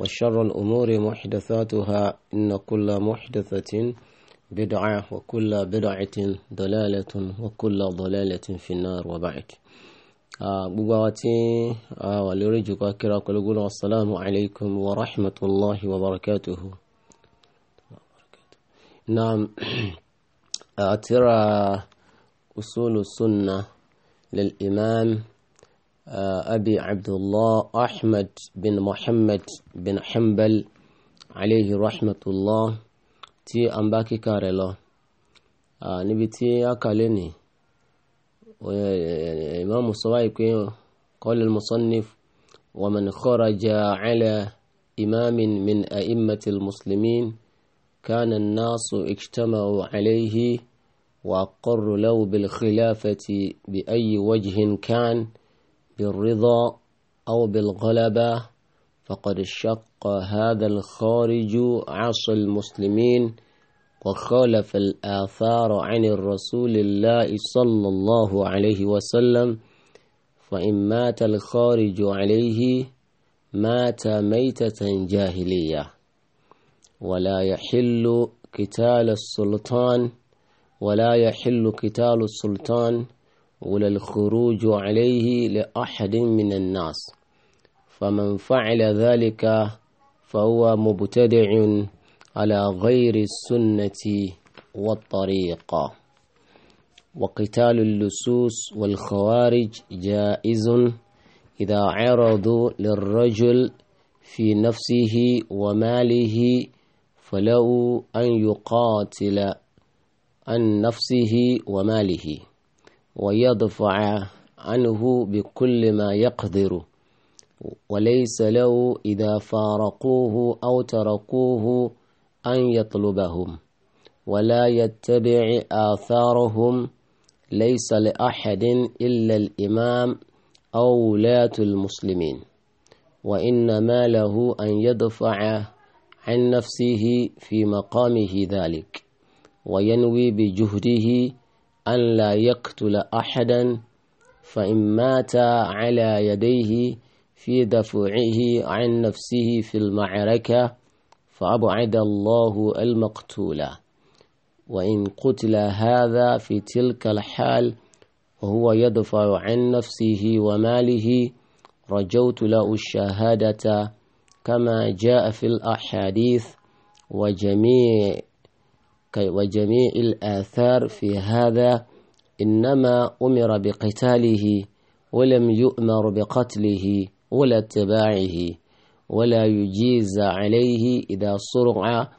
وشر الأمور محدثاتها إن كل محدثة بدعة وكل بدعة ضلالة وكل ضلالة في النار وبعد آه، بواتي آه، ولرجو كاكرا كل السلام عليكم ورحمة الله وبركاته نعم آه، أترى أصول السنة للإمام آه، أبي عبد الله أحمد بن محمد بن حنبل عليه رحمة الله تي أمباكي كارلا آه، نبي تي أكاليني وإمام lẹ́nìí ìmáàmù قال المصنف ومن خرج على إمام من أئمة المسلمين كان الناس اجتمعوا عليه وأقروا له بالخلافة بأي وجه كان بالرضا أو بالغلبة فقد شق هذا الخارج عصى المسلمين وخالف الآثار عن الرسول الله صلى الله عليه وسلم فإن مات الخارج عليه مات ميتة جاهلية ولا يحل قتال السلطان ولا يحل قتال السلطان ولا الخروج عليه لأحد من الناس فمن فعل ذلك فهو مبتدع على غير السنة والطريقة وقتال اللصوص والخوارج جائز إذا عرضوا للرجل في نفسه وماله فله أن يقاتل عن نفسه وماله ويدفع عنه بكل ما يقدر وليس له إذا فارقوه أو تركوه أن يطلبهم ولا يتبع آثارهم ليس لأحد إلا الإمام أو ولاة المسلمين وإنما له أن يدفع عن نفسه في مقامه ذلك وينوي بجهده أن لا يقتل أحدا فإن مات على يديه في دفعه عن نفسه في المعركة فأبعد الله المقتول وإن قتل هذا في تلك الحال وهو يدفع عن نفسه وماله رجوت له الشهادة كما جاء في الأحاديث وجميع وجميع الآثار في هذا إنما أمر بقتاله ولم يؤمر بقتله ولا اتباعه ولا يجيز عليه إذا صرع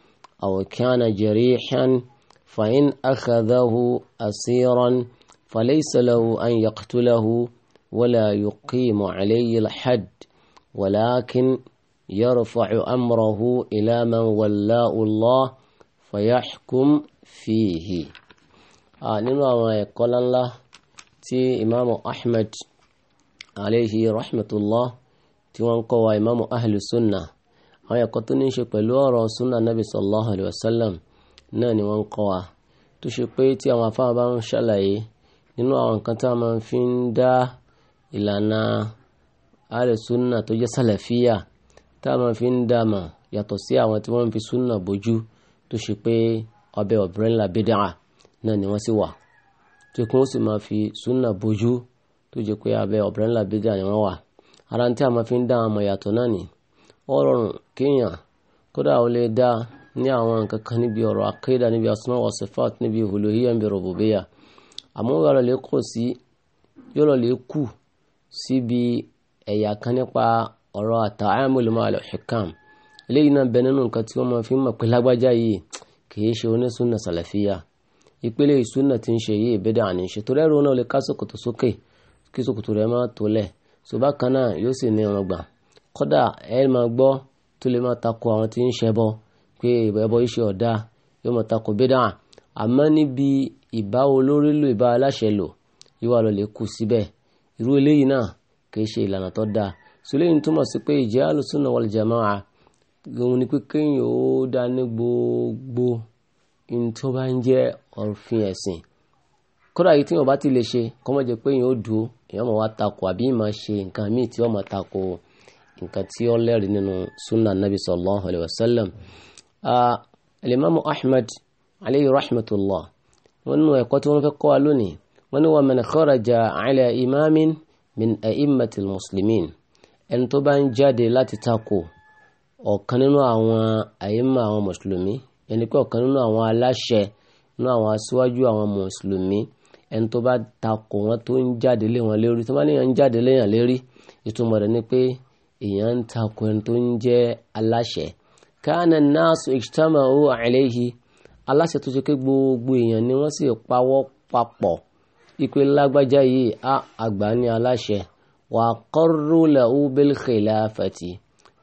أو كان جريحا فإن أخذه أسيرا فليس له أن يقتله ولا يقيم عليه الحد ولكن يرفع أمره إلى من ولاء الله fayahkum fihi nínú àwọn ẹ̀kọ́ ńláńlá tí imaamu ahmed aleyhi rahmatullah tí wọ́n ń kọ́ wa imaamu ahlu sunna àwọn ẹ̀kọ́ tó ní í ṣe pẹ̀lú ọ̀rọ̀ sunna nabi sallallahu alayhi wa sallam náà ni wọ́n ń kọ́ wa tó ṣe pé tí àwọn afáwọn bá ń ṣàlàyé nínú àwọn nǹkan tí a fi ń dá ìlànà ahlu sunna tó jẹ́ sàlàfíà tá a máa fi ń dá mà yàtọ̀ sí àwọn tí wọ́n fi sunna bójú tó ṣe pé ọbẹ̀ ọ̀bẹ̀rẹ̀ ńlá bídàá náà ni wọ́n sì wà tó kí wọ́n sì máa fi súnà bójú tó jẹ́ pé abẹ́ ọ̀bẹ̀rẹ̀ ńlá bídàá ni wọ́n wà ara tí a máa fi ń dá àwọn ọmọ yàtọ̀ náà ni ó rọrùn kéèyàn kódà ó lè dá ní àwọn nǹkan kan níbi ọ̀rọ̀ akéda níbi asma wa sifat níbi huluhiyya níbi rububiyya àmọ́ ó lọ lè kó sí lè kù eléyìí náà bẹ nínú nǹkan tí wọ́n máa fi ń mọ̀ pé lágbájá yìí kìí ṣe onísúnà sàlàfíà ìpele ìsúnà tí ń ṣe yìí bẹ́dẹ̀ àní ṣe torí ẹ̀rọ náà lè ká sòkòtò sókè kí sòkòtò rẹ̀ máa tó lẹ̀ so bákan náà yóò sì ní irun gbà kódà ẹ máa gbọ́ tó lè máa takò àwọn tí ń ṣẹbọ pé ẹbọ yìí ṣe yóò máa takò bẹ́dẹ̀ à níbi ìbá olórí lò ìbá aláṣẹ lò yóò wà lọ kù síbẹ̀ irú eléyìí náà kìí ṣe ìlànà tó dáa so túmọ̀ sí pé ìjẹ́ àlùsùnà wal jamaa òun ni pé kéèyàn ó dá ní gbogbo ní tó bá ń jẹ́ òfin ẹ̀sìn kódà yìí tí wọn bá ti lè ṣe kọ́ mọ̀ jẹ́ pé èèyàn ó dúró èèyàn máa wá takò àbí máa ṣe nǹkan míì tí wọ́n máa takò nǹkan tí ó lẹ́rìí nínú sunna nabi sallallahu alayhi wa sallam. alimami ahmed alayhi rahmatullah wọn nínú ẹ̀kọ́ tí wọ́n fẹ́ kọ́ wa lónìí wọ́n ní wa man kharaja ala imamin min a'immatil muslimin ẹni tó bá ń jáde láti takò ọ̀kan nínú àwọn àyímọ̀ àwọn mùsùlùmí ẹni pé ọ̀kan nínú àwọn aláṣẹ nínú àwọn aṣíwájú àwọn mùsùlùmí ẹni tó bá takò wọn tó ń jáde lé wọn lérí tó bá níyàn ń jáde léyàn lérí ìtumọ̀ rẹ̀ ni pé èèyàn ń takò ẹni tó ń jẹ́ aláṣẹ. káànà náàsù ijtama'u alayhi aláṣẹ tó ṣe pé gbogbo èèyàn ni wọ́n sì pawọ́ papọ̀ ipe lágbájá yìí àgbà ní aláṣẹ wa aqarru lahu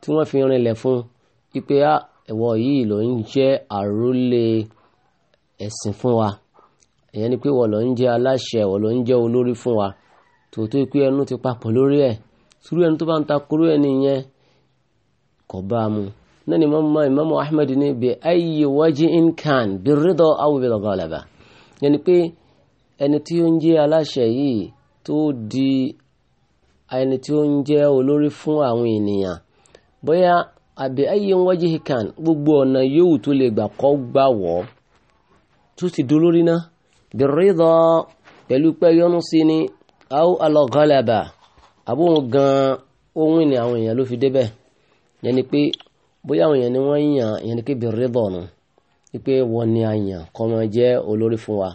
tí wọ́n fi rinlẹ̀ fún un wípé ah, ẹ̀wọ̀ yìí ló ń jẹ́ àrólé ẹ̀sìn fún wa ìyẹn ni pé wọ́n ló ń jẹ́ aláṣẹ wọ́n ló ń jẹ́ olórí fún wa tòótọ́ pé ẹnu ti papọ̀ lórí ẹ̀ sùúrù ẹni tó bá ń ta kúrú ẹni yẹn kò bá a mu náà ni mọ́mọ́ ìmọ́mọ́ Ahmed ní bi ayyi wajhin kan bi ridha aw bil ghalaba ìyẹn ni pé ẹni tí ó ń jẹ́ aláṣẹ yìí tó di ẹni tí ó ń jẹ́ olórí fún àwọn ènìyàn bóyá àbí ayé wọ́n jí kan gbogbo ọ̀nà yòówù tó lè gbà kọ́ gbà wọ́ tó ti dúró lórí náà bẹ̀rẹ̀dọ̀ pẹ̀lú pé yọnu sí ni aw alọ́gọ́lẹ̀bà àbóhùn gan-an ohun ìní àwọn èèyàn ló fi débẹ̀ yẹn ni pé bóyá àwọn èèyàn ni wọ́n yàn yẹn ni pé bẹ̀rẹ̀dọ̀ nù wípé wọ́n ni àyàn kọ́mọ jẹ́ olórí fún wa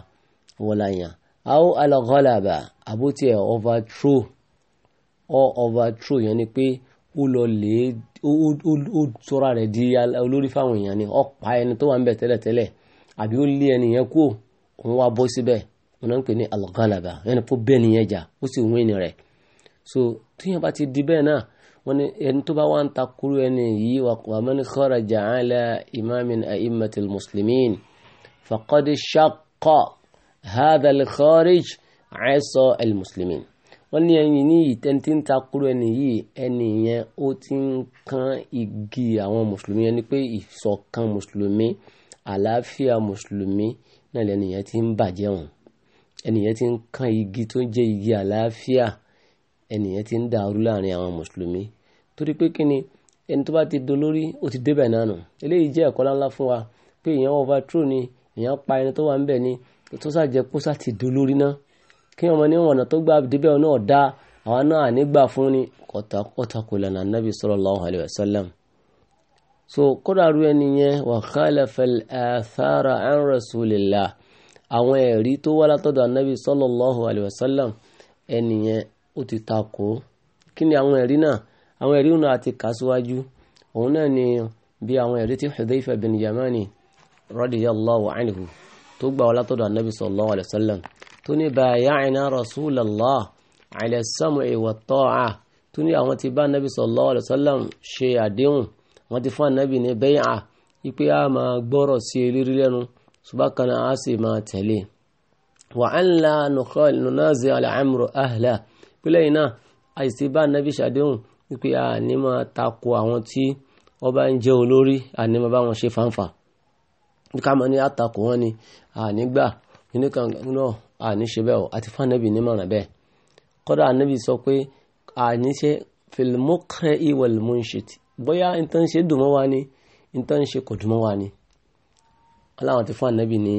wọ́n la yàn aw alọ́gọ́lẹ̀bà àbótiẹ̀ overthrow or overthrow yẹn ni pé ó lọ lè ó sọ́ra rẹ̀ di olórí fáwọn èèyàn ni ọ̀pá ẹni tó wà ń bẹ̀ tẹ́lẹ̀tẹ́lẹ̀ àbí ó lé ẹni yẹn kú òun wá bọ́ síbẹ̀ wọn náà ń pè ní alghalaba ẹni kó bẹ́ẹ̀ nìyẹn jà ó sì wọ́n ẹni rẹ̀ so tíyẹn bá ti di bẹ́ẹ̀ náà wọ́n ní ẹni tó bá wá ń ta kúrú ẹni yìí wà man kharaja ala imamin a'immatil muslimin faqad shaqqa hadha al-kharij 'asa al-muslimin wọ́n ní ẹyin ní yìí tẹ́ni tí ń ta kúrò ẹni yìí ẹni yẹn ó ti ń kan igi àwọn mùsùlùmí yẹn ni pé ìṣọ̀kan mùsùlùmí àlàáfíà mùsùlùmí náà lẹ́ni yẹn ti ń bàjẹ́ wọn ẹni yẹn ti ń kan igi tó ń jẹ́ igi àlàáfíà ẹni yẹn ti ń dàrú láàrin àwọn mùsùlùmí torí pé kí ni ẹni tó bá ti dolórí ó ti débẹ̀ náà nù eléyìí jẹ́ ẹ̀kọ́ láńlá fún wa pé èèyàn overthrow ni èèyàn pa ẹni tó wà ń bẹ̀ ni tó sàjẹ́ kó sà ti dolórí náà kí ọmọ ní ọ̀nà tó gbà débẹ̀ náà dá àwọn náà nígbà fún ni kọ́takọ́takò lànà nàbì sallallahu alayhi wa sallam so kódà ru ẹni yẹn wà khalafa al-athara an rasulillah àwọn ẹ̀rí tó wá látọ̀dọ̀ ànábì sallallahu alayhi wa sallam ẹni yẹn ó ti takò kí ni àwọn ẹ̀rí náà àwọn ẹ̀rí náà àti kà síwájú òun náà ni bí àwọn ẹ̀rí tí Hudhayfa bin Yamani radiyallahu anhu tó gbà wá látọ̀dọ̀ ànábì sallallahu alayhi wa sallam tó ní bay'ana rasulallah ala sam'i wa ta'a tó ní àwọn ti bá nabi sallallahu alayhi wa sallam ṣe àdéhùn wọ́n ti fún anabi ní bay'a ipe a máa gbọ́rọ̀ sí eléré lẹ́nu subakana a sì máa tẹ̀lé wa an la nunazi ala amru ahla pílẹ̀ iná àìsí bá nabi ṣàdéhùn wípé a ní máa tako àwọn tí wọ́n bá ń jẹ́ olórí àní máa bá wọn ṣe fàǹfà ká máa ní àtakò wọn ni ànígbà nínú kan náà àní ṣe bẹ́ẹ̀ o àti fún anabi nímọ̀ràn bẹ́ẹ̀ kọ́dọ̀ anabi sọ pé àní ṣe filimokre iwal munshit bóyá nǹkan ṣe dùnmọ́ wa ni nǹkan ṣe kò dùnmọ́ wa ni aláwọn ti fún anabi ní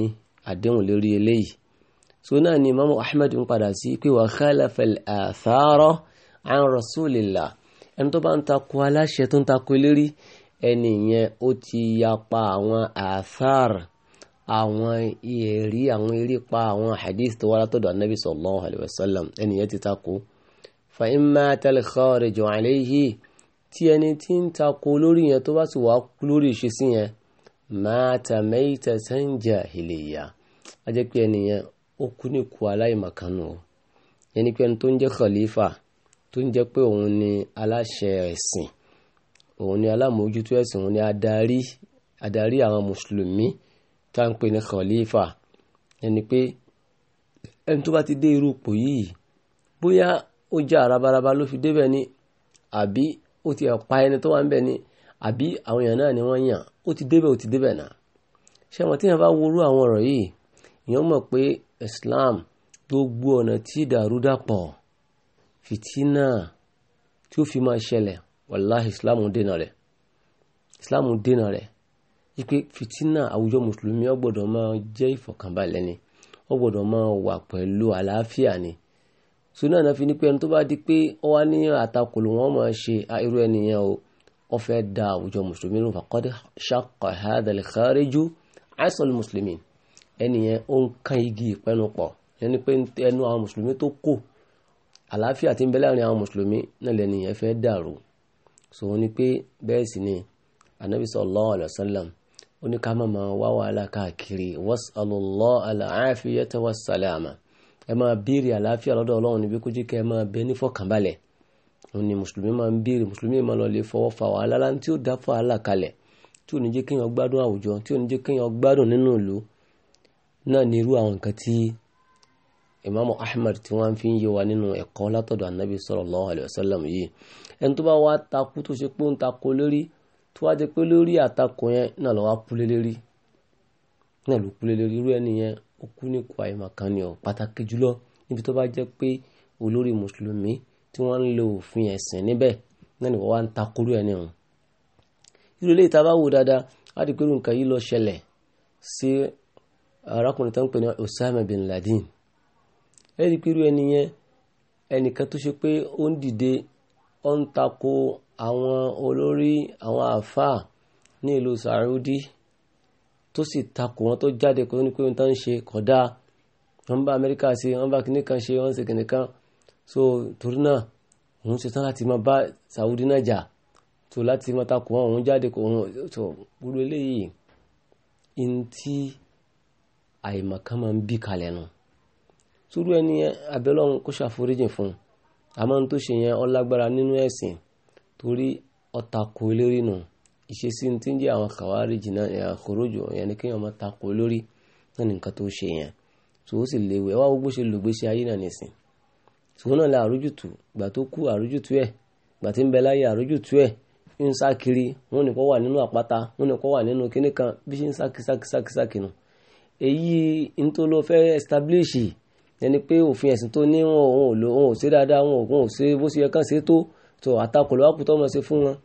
àdéhùn lórí eléyìí so náà ni imaamu ahmed ń padà sí pé wa khalafa al-athara an rasulillah ẹni tó bá ń takò aláṣẹ tó ń takò eléré ẹni yẹn ó ti yapa àwọn àthaar àwọn ẹ̀rí àwọn erépa àwọn hadith tó wá látọ̀dọ̀ anabi sallallahu alayhi wa sallam ẹnìyẹn ti takò fa imma talkhariju alayhi tí ẹni tí ń takò lórí yẹn tó bá sì wà lórí ìṣesí yẹn mata maytatan jahiliya a jẹ́ pé ẹnìyẹn ó kú ní ikú aláìmọ̀kánu o ẹni pé ẹni tó ń jẹ́ khalifa tó ń jẹ́ pé òun ni aláṣẹ ẹ̀sìn òun ni alámòójútó ẹ̀sìn òun ni adarí adarí àwọn mùsùlùmí tá ń pè ní khalifa ẹni pé ẹni tó bá ti dé irú ipò yìí bóyá ó já arabaraba ló fi débẹ̀ ni àbí ó ti pa ẹni tó wà ń bẹ̀ ni àbí àwọn èèyàn náà ni wọ́n yàn ó ti débẹ̀ ó ti débẹ̀ náà ṣé àwọn tíyẹn bá worú àwọn ọ̀rọ̀ yìí èèyàn mọ̀ pé Islam gbogbo ọ̀nà tí ìdàrúdàpọ̀ fìtínà tí ó fi máa ṣẹlẹ̀ wàláhì Islam dènà rẹ̀ Islam dènà rẹ̀ wípé fìtínà àwùjọ mùsùlùmí ó gbọ́dọ̀ máa jẹ́ ìfọ̀kànbalẹ̀ ni ó gbọ́dọ̀ máa wà pẹ̀lú àlàáfíà ni sùnà náà fi ní pé ẹni tó bá di pé ó wá ní àtakò ló wọ́n máa ṣe irú ẹnìyẹn o ó fẹ́ da àwùjọ mùsùlùmí nù faqad shaqqa hadha al-khariju asal muslimin ẹnìyẹn ó ń kan igi ìpẹ́nu pọ̀ ẹni pé ẹnu àwọn mùsùlùmí tó kò àlàáfíà tí ń bẹ láàrin àwọn mùsùlùmí náà lẹ́nìyẹn fẹ́ dàrú sòwọ́n ni pé bẹ́ẹ̀ sì ni anabi sallallahu alayhi wa sallam oníkàmọ́ máa wá wàhálà káàkiri wasalọ́lọ́ aláàfíyẹ́tẹ́ wasalama ẹ máa béèrè àlàáfíà lọ́dọ̀ ọlọ́run níbi kójú kẹ́ ẹ máa bẹ ní fọkànbalẹ̀ òun ni mùsùlùmí máa ń béèrè mùsùlùmí máa lọ lè fọwọ́ fa wàhálà láti tí ó dá fàhálà kalẹ̀ tí ò ní jẹ́ kéèyàn gbádùn àwùjọ tí ò ní jẹ́ kéèyàn gbádùn nínú ìlú náà ní irú àwọn nǹkan tí imaamu ahmed tí wọ́n fi ń yé wa nínú ẹ̀kọ́ látọ̀dọ̀ anabi sallallahu alaihi wasallam yìí ẹni tó bá wá takú tó ṣe pé ń takú lórí tó wá jẹ́ pé lórí àtakò yẹn náà lọ́wọ́ kúlé lérí náà ló kúlé lérí irú ẹni yẹn ó kú ní kó àyèmọ̀ kan ni ọ̀ pàtàkì jùlọ níbi tó bá jẹ́ pé olórí mùsùlùmí tí wọ́n ń lo òfin ẹ̀sìn níbẹ̀ náà ni wọ́n wá ń takorú ẹni ọ̀hún irú eléyìí tá a bá wò dáadáa á di nǹkan yìí lọ ṣẹlẹ̀ sí arákùnrin tó ń pè ní Osama bin Laden ẹ rí i pé irú ẹni yẹn ẹnìkan tó ṣe pé ó ń dìde ó ń tako àwọn olórí àwọn àfáà ní ìlú Saudi tó sì takò wọn tó jáde kó ní pé wọn tó ń ṣe kódà wọn bá Amẹ́ríkà ṣe wọn bá kíní kan ṣe wọn ṣe kíní kan so torí náà òun ṣe tán láti máa bá Saudi náà jà tó láti máa takò wọn òun jáde kó wọn tó gbúrú eléyìí in tí àìmọ̀kan máa ń bí kalẹ̀ nù sùúrù ẹni abẹ́lọ́run kó ṣàforíjì fún un àmọ́ n tó ṣe yẹn ó nínú ẹ̀sìn torí ọ̀tàkù olórí nù ìṣesí tí ń jẹ́ àwọn kàwárí jìnnà àkòrójò eh, yẹn ni kéèyàn máa takò olórí náà ní nǹkan tó ṣe yẹn tó ó sì léwu ẹ wá gbogbo ṣe lògbèsè ayé náà nìsín tòun náà la àrójútù gbà tó kú àrójútù ẹ gbà tí ń bẹ láyé àrójútù ẹ ń sá kiri wọn nìkan wà nínú àpáta wọn nìkan wà nínú kinní kan bí ṣe ń sá kí sákì sákì sákì nù èyí ń tó lọ fẹ́ establish ẹni pé òfin ẹ̀sìn tó ní wọn òun ò ṣe dáadáa wọn òun ò ṣe bó ṣe yẹ kán ṣe tó so àtakò ló wá kù tó sí fún wọn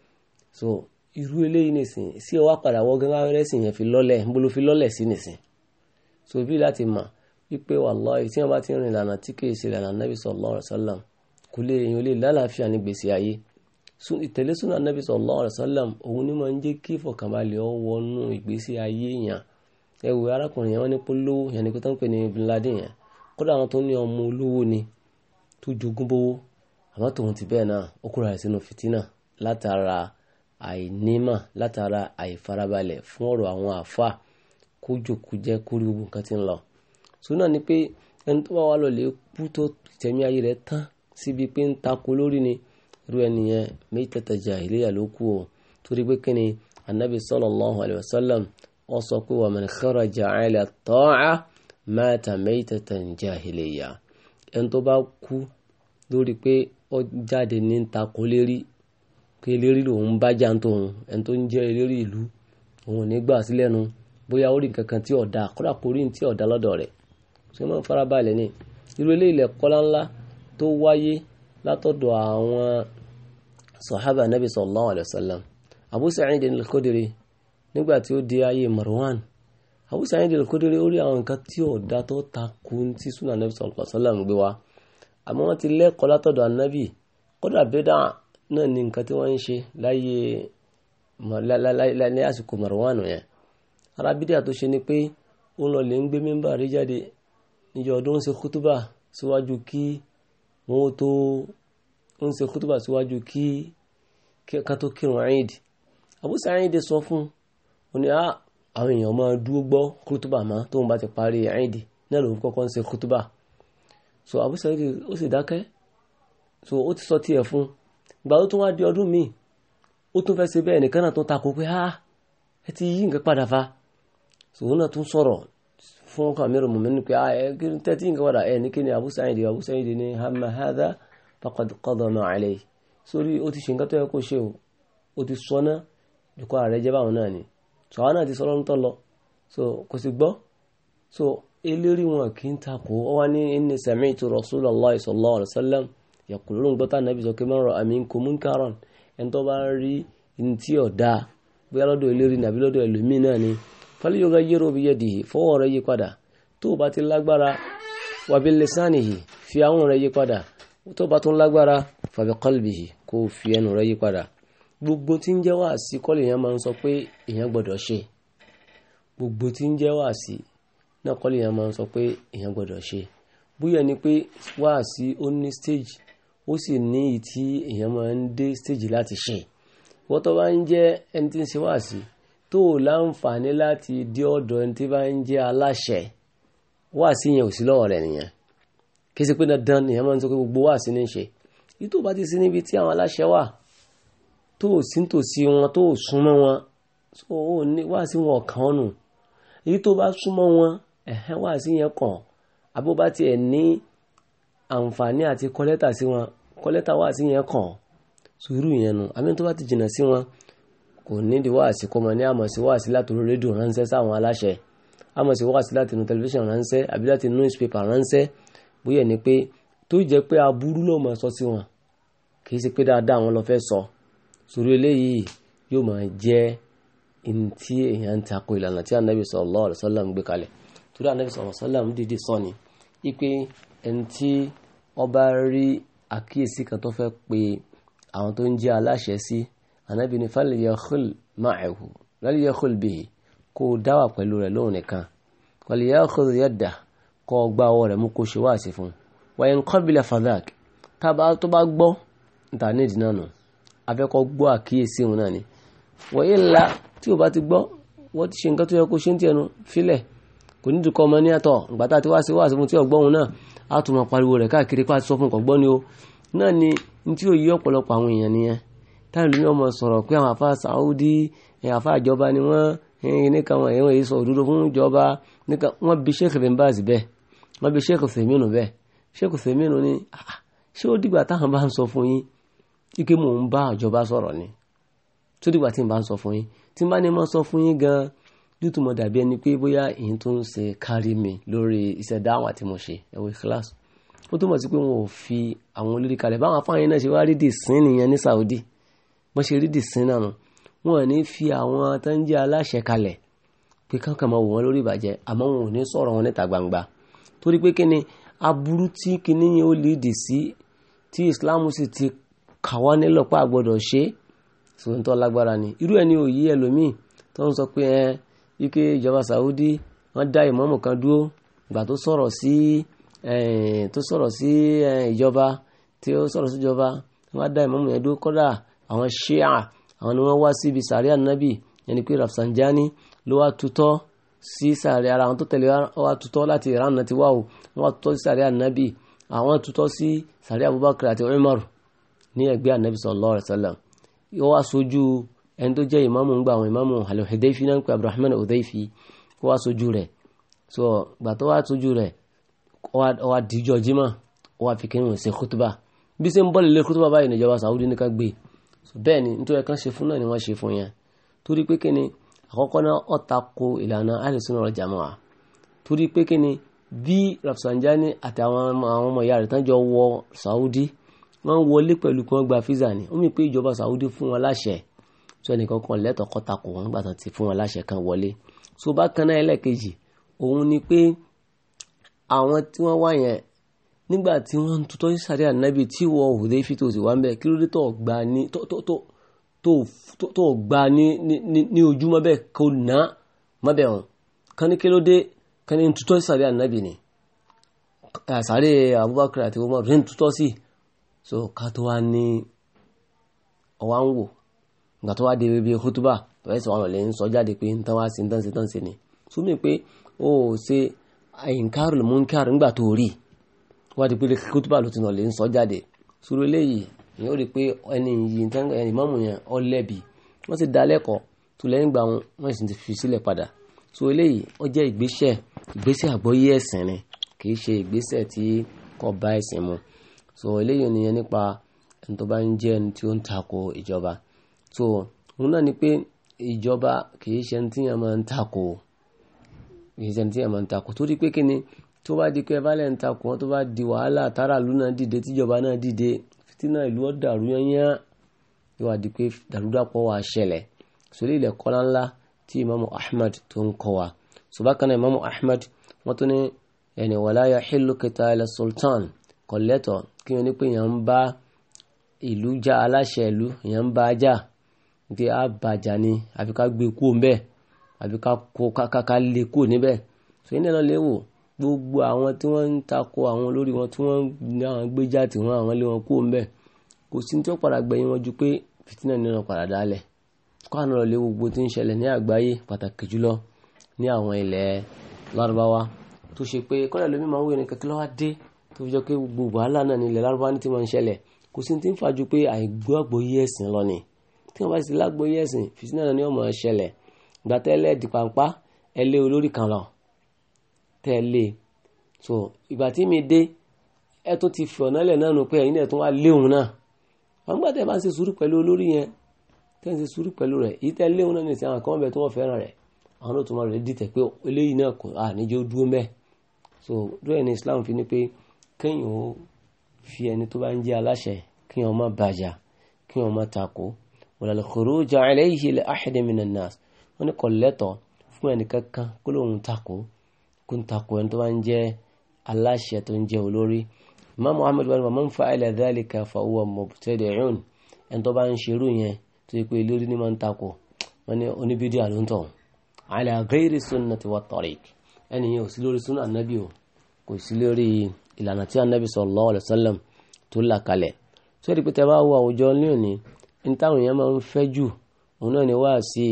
so irú eléyìí nìsín sí ọwá padà wọ gángan rẹ́sìn yẹn fi lọ́lẹ̀ ń bolo fi lọ́lẹ̀ sí nìsín so bí láti mọ̀ wípé wallahi tí wọ́n bá ti rìn ìlànà tí kìí ṣe ìlànà nabi sallallahu alaihi wasallam kò lè èèyàn lè lálàáfíà ní gbèsè ayé ìtẹ̀lé súnà nabi sallallahu alaihi wasallam òun ni máa ń jẹ́ kí ìfọ̀kànbalẹ̀ ọ wọnú ìgbésí ayé yẹn ẹwù arákùnrin yẹn wọ́n ní polówó yẹn ni kó tó ń pè ní Bin yẹn kódà àwọn tó ní ọmọ olówó ni tó jogún bówó àmọ́ tòun ti bẹ́ẹ̀ náà ó kóra rẹ̀ sínú fìtínà látara àìnímọ̀ látara àìfarabalẹ̀ fún ọ̀rọ̀ àwọn àfa kójòkújẹ́ kórí gbogbo nǹkan ti ń lọ. sùn ni pé ẹni tó bá wà lọ lè kú tó tẹ̀mí ayé rẹ̀ tán síbi pé ń takò lórí ni irú ẹnìyẹn méjì tẹ̀tẹ̀ jàhílíyà ló kú o torí pé kí ni anabi sallallahu alayhi wa sallam ó sọ pé wa man kharaja ala ta'a mata maytatan jahiliya ẹni tó bá kú lórí pé ó jáde ní takò lérí pé eléré lòun bá jà ń tòun ẹni tó ń jẹ́ eléré ìlú òun ò ní gbà sílẹ̀ nu bóyá ó rí nǹkan kan tí ọ̀dà kódà kó rí tí ọ̀dà lọ́dọ̀ rẹ̀ ṣé máa ń farabalẹ̀ ni irú ilé ilẹ̀ kọ́lá ńlá tó wáyé látọ̀dọ̀ àwọn sọ̀hábà nabi sallallahu alayhi wa sallam Abu Sa'id al-Khudri nígbà tí ó di ayé Marwan Abu Sa'id al-Khudri ó rí àwọn nǹkan tí ọ̀dà tó takun tí sunan nabi sallallahu alayhi sallam gbé wa àmọ́ wọ́n ti lẹ́kọ̀ọ́ látọ̀dọ̀ ànábì kódà bídà náà ni nǹkan tí wọ́n ń ṣe láyé ní àsìkò Marwan yẹn ara bídà tó ṣe ni pé ó lọ lè ń gbé mímbà rí jáde níjọ ọdún ń ṣe kútúbà síwájú kí wọ́n tó ń ṣe kútúbà síwájú kí kan tó kírun Eid Abu Sa'id sọ fún un ní àwọn èèyàn máa dúró gbọ́ kútúbà mọ́ tóun bá ti parí Eid náà lòun kọ́kọ́ ń ṣe kútúbà so Abu Sa'id ó sì dákẹ́ so ó ti sọ tiẹ̀ fún gbà ó tún wá di ọdún míì ó tún fẹ́ ṣe bẹ́ẹ̀ nìkan náà tó takò pé ha ẹ ti yí nǹkan padà fa so òun náà tún sọ̀rọ̀ fún ọkọ àmì ròmùmí ni pé ha ẹ kí ni tẹ́tí nǹkan padà ẹ ní kí ni Abu Sa'id Abu Sa'id ní hama hadha sórí ó ti ṣe nǹkan tó yẹ kó ṣe o ó ti sọ náà ìkọ́ ààrẹ jẹ́ báwọn náà ni so àwọn náà ti sọ lọ́run eléri wọn kì í takò ọ wá ní inni sami'tu rasulallahi sallallahu alaihi wasallam yaqulu lóhùn gbọ́tà nàbí sọ kémọ́ rọ àmì nkò munkaran ẹni tó bá ń rí ní tí ò dáa bóyá lọ́dọ̀ eléri nàbí lọ́dọ̀ ẹlòmíì náà ni falyughayyiru biyadihi fọwọ́ rẹ̀ yí padà tó bá ti lágbára wa bilisanihi fi ahọ́n rẹ̀ yí padà tó bá tún lágbára fa biqalbihi kó fi ẹnu rẹ̀ yí padà gbogbo tí ń jẹ́ wàásì kọ́lé èèyàn máa ń sọ pé èèyàn gbọ́dọ̀ ṣe gbogbo tí ń jẹ́ wàásì náà kọ́lé yẹn máa ń sọ pé èèyàn gbọ́dọ̀ ṣe bóyá ni pé wáàsí ó ní stage ó sì ní ìtí èèyàn máa ń dé stage láti ṣe wọ́n tó bá ń jẹ́ ẹni tí ń ṣe wáàsí tó o láǹfààní láti dé ọ̀dọ̀ ẹni tí bá ń jẹ́ aláṣẹ wáàsí yẹn ò sí lọ́wọ́ rẹ̀ nìyẹn kí ṣe pé dandan nìyẹn máa ń sọ pé gbogbo wáàsí ní ṣe ìtò bá ti sí níbi tí àwọn aláṣẹ wà tó o sí nítòsí wọn tó o súnmọ́ wọn wáàsí wọn ọ̀kan ọ̀nù èyí tó bá súnmọ́ wọn ẹ̀hẹ́n wá sí yẹn kàn àbó bá tiẹ̀ ní àǹfààní àti kọ́lẹ́tà sí wọn kọ́lẹ́tà wá sí yẹn kàn sùúrù yẹn nu àmì tó bá ti jìnnà sí wọn kò nídìí wáàsí kọ́mọ ní àmọ̀ sí wáàsí látòrí rédíò ránṣẹ́ sáwọn aláṣẹ àmọ̀ sí wáàsí látinú tẹlifíṣàn ránṣẹ́ àbí látinú newspaper ránṣẹ́ bóyá ni pé tó jẹ́ pé aburú ló máa sọ sí wọn kì í ṣe pé dáadáa wọn lọ fẹ́ sọ sùúrù eléyìí yóò máa jẹ́ ntí èèyàn ń takò ìlànà tí Ànábì sallallahu alaihi wasallam gbé kalẹ̀ torí anabi sọ̀rọ̀ sọ́làmù dìde sọ ni ipe ẹni tí ọba rí àkíyèsí kan tó fẹ́ pe àwọn tó ń jẹ́ aláṣẹ sí anabi ní falyakhul ma'ahu falyakhul bihi kó o dáwà pẹ̀lú rẹ̀ lóhùn nìkan falyakhul yadda kọ́ ọ gbá ọwọ́ rẹ̀ mú kó ṣe wáàsí fún un wàá in qabila fadak tó bá gbọ́ níta ní náà nù afẹ́kọ́ gbọ́ àkíyèsí òun náà ni wọ́n yé la tí o bá ti gbọ́ wọ́n ti ṣe nǹkan tó yẹ kó ṣe ń tiẹ̀ nu fílẹ̀ kò ní dùkọ́ ọmọ ní àtọ̀ ìgbàtà tí wá sí wáàsí fún tí ọgbọ́n náà á tún máa pariwo rẹ̀ káàkiri pa ti sọ fún ọgbọ́n ni o náà ni n tí ò yí ọ̀pọ̀lọpọ̀ àwọn èèyàn nìyẹn táwọn ìlú ọmọ sọ̀rọ̀ pé àwọn afá Saudi afá ìjọba ni wọ́n nìkan wọn èèyàn èyí sọ òdodo fún ìjọba nìkan wọ́n bi Sheikh bin Baz bẹ́ẹ̀ wọ́n bi Sheikh Sèmínú bẹ́ẹ̀ Sheikh Sèmínú ni ah, ṣé ó dìgbà táwọn bá ń sọ fún yín ike mò ń bá ìjọba sọ̀rọ̀ ni tó dìgbà tí n bá ń sọ fún yín tí n bá ní mọ́ sọ fún yín gan-an yóò tún mọ dàbí ẹni pé bóyá èyí tó ń ṣe kárí mi lórí iṣẹ́ dáwà tí mo ṣe ẹ̀wọ̀ ìkíláàsì ó túmọ̀ sí pé wọn ò fi àwọn olórí kalẹ̀ báwọn afáàyàn náà ṣe wá rí dìsín nìyẹn ní Saudi wọ́n ṣe rí dìsín náà nù wọn ò ní fi àwọn tó ń jẹ́ aláṣẹ kalẹ̀ pé kankan máa wò wọ́n lórí ìbàjẹ́ àmọ́ wọn ò ní sọ̀rọ̀ wọn níta gbangba torí pé kíni aburú tí kíní yẹn ó lìdì sí tí Islam sì ti kàwá nílọ̀ pé ṣe sọ̀rọ̀ tó lágbára ni irú ẹni òye ẹlòmíì tó ń sọ pé ẹ́ wípé ìjọba Saudi wọ́n dá ìmáàmù kan dúró ìgbà tó sọ̀rọ̀ sí eh, tó sọ̀rọ̀ sí eh, ìjọba tí ó sọ̀rọ̀ sí ìjọba wọ́n dá ìmáàmù yẹn dúró kọ́dà àwọn ṣíà àwọn ni wọ́n wá síbi sàárẹ̀ ànábì yẹn ni pé Rafsanjani ló wá tutọ́ sí sàárẹ̀ ara àwọn tó tẹ̀lé wá tutọ́ láti ìran náà ti wá o wọ́n wá tutọ́ sí sàárẹ̀ ànábì àwọn tutọ́ sí sàárẹ̀ Abubakar àti Umar ní ẹgbẹ́ ànábì sallallahu alaihi wasallam ẹni tó jẹ́ ìmáàmù ń gba àwọn ìmáàmù al-Hudayfi náà ń pe Abdurrahman al-Hudayfi kó wá sojú rẹ̀ so gbà tó wá sojú rẹ̀ ó wá díjọ́ jimá ó wá fi kéwọn ṣe kútúbà bí ṣe ń bọ́ lélẹ́ kútúbà báyìí níjọba Saudi ní ká gbé bẹ́ẹ̀ ni nítorí kan ṣe fún náà ni wọ́n ṣe fún yẹn torí pé kíni àkọ́kọ́ náà ó tako ìlànà al-Sunnah wal torí pé kíni bí Rafsanjani àtàwọn ọmọ ìyá rẹ̀ tán jọ wọ Saudi wọ́n wọlé pẹ̀lú kí wọ́n gba fíza ni ó mì pé ìjọba Saudi fún wọn láṣẹ tí wọ́n nìkan kan lẹ́tọ̀ọ́ kọ́ wọn nígbà ti fún wọn láṣẹ kan wọlé so bákan náà ẹlẹ́ẹ̀kejì òun ni pé àwọn tí wọ́n wá yẹn nígbà tí wọ́n ń tutọ́ sí sàrí ànábì tí wọ́n ò dé fi tó sì wá ń bẹ̀ kí ló dé tó gbà ní tó gbà ní ojúmọ́ bẹ́ẹ̀ kó nà má bẹ̀ hàn kán ní kí ló dé kán ní tutọ́ sí sàrí ànábì ni sàrí Abubakar àti Umar ní tutọ́ sí so ká tó wá ní ọwá ń wò ìgbà tó wá di ibi kútúbà tó ẹ̀sìn wọn lè ń sọ jáde pé ń tán wá sí ń tán sí tán sí ni túmí pé ó ṣe àyínkáàrò múnkàrò ńgbà tó rí wá di pé kútúbà ló ti nà lè ń sọ jáde sùrù eléyìí ìyẹn ó rí i pé ẹni yìí ẹni mọ́mù yẹn ọ lẹ́bi wọ́n ti da lẹ́kọ̀ọ́ tó lẹ́yìn gbà wọn wọ́n sì ti fi sílẹ̀ padà so eléyìí ó jẹ́ ìgbésẹ̀ ìgbésẹ̀ àgbọ́yé ẹ̀sìn ni kì í ṣe ìgbésẹ̀ tí kò bá ẹ̀sìn mu so eléyìí nìyẹn nípa ẹni tó bá ń jẹ́ ẹni tí ó ń tako ìjọba so òun náà ni pé ìjọba kìí ṣe ní tí yẹn máa ń takò kìí ṣe ní tí yẹn máa ń takò torí pé kí ni tó bá di pé ẹ bá ń takò wọn tó bá di wàhálà tára ìlú náà dìde tíjọba náà dìde fìtínà ìlú ó dàrú yányán yóò wá di pé dàrúdàpọ̀ wá ṣẹlẹ̀ sórí ilẹ̀ kọ́lá ńlá tí imamu ahmed tó ń kọ́ wa so bákan náà imamu ahmed wọ́n tún ní ẹni wala yahillu qitalu sultan kọ̀lẹ́tọ̀ kí wọ́n ní pé yẹn ń bá ìlú já aláṣẹ ìlú yẹn ń bá já pé a bàjá ni àfi ká gbé kúò ń bẹ́ẹ̀ àfi ká kó ká lè kúò níbẹ̀ so yín náà lè wò gbogbo àwọn tí wọ́n ń takò àwọn olórí wọn tí wọ́n ń gbéjà tí wọ́n àwọn lé wọn kúò ń bẹ́ẹ̀ kò sí tí ó padà gbẹ̀yìn wọn ju pé fìtínà nínú padà dálẹ̀ kó àná lè gbogbo tí ń ṣẹlẹ̀ ní àgbáyé pàtàkì jùlọ ní àwọn ilẹ̀ lárúbáwá tó ṣe pé kọ́lẹ̀ lómi máa ń wéyìn kékeré wá dé tó fi jọ pé gbogbo wàhálà ní ilẹ̀ lárúbáwá ní ti máa ń ṣẹlẹ̀ kò sí tí ń fàájú pé àìgbọ́ àgbọ́yé ẹ̀sìn tí wọ́n bá sì lágbóyè ẹ̀sìn fìtínà náà ni ó máa ṣẹlẹ̀ gbàtẹ́lẹ̀ dìpàǹpá ẹ lé olórí kan lọ tẹ́ lé so ìgbà tí mi dé ẹ tún ti fi ọ̀nà lẹ̀ náà nù pé ẹ̀yin ẹ̀ tún wá lé òun náà wọ́n gbà tẹ́ ẹ bá ń ṣe sùúrù pẹ̀lú olórí yẹn tẹ́ ń ṣe sùúrù pẹ̀lú rẹ̀ èyí tẹ́ lé òun náà nìsín àwọn kan tó wọ́n fẹ́ràn rẹ̀ àwọn náà tó máa rẹ̀ dìtẹ̀ pé eléyìí náà kò àníjó dúró mẹ́ so dúró ní Islam fi ni pé kéèyàn ó fi ẹni tó bá ń jẹ́ aláṣẹ kéèyàn má bàjá kéèyàn má takò wala al-khuruj alayhi li ahadin min an-nas wọ́n ní kò lẹ́tọ̀ fún ẹnìkankan kó lóun takò kó ń takò ẹni tó bá ń jẹ́ aláṣẹ tó ń jẹ́ olórí imaamu ahmed wani man fa'ala dhalika fa huwa mubtadi'un ẹni tó bá ń ṣerú yẹn tó yẹ pé lórí ni máa ń takò wọ́n ní oníbídí àlóńtọ̀ ala ghairi sunnati wa tariq ẹni yẹn ò sí lórí sunna anabi o kò sí lórí ìlànà tí anabi sallallahu alaihi wasallam tó là kalẹ̀ tó yẹ ní táwọn èèyàn máa ń fẹ́ jù òun náà ni wáàsí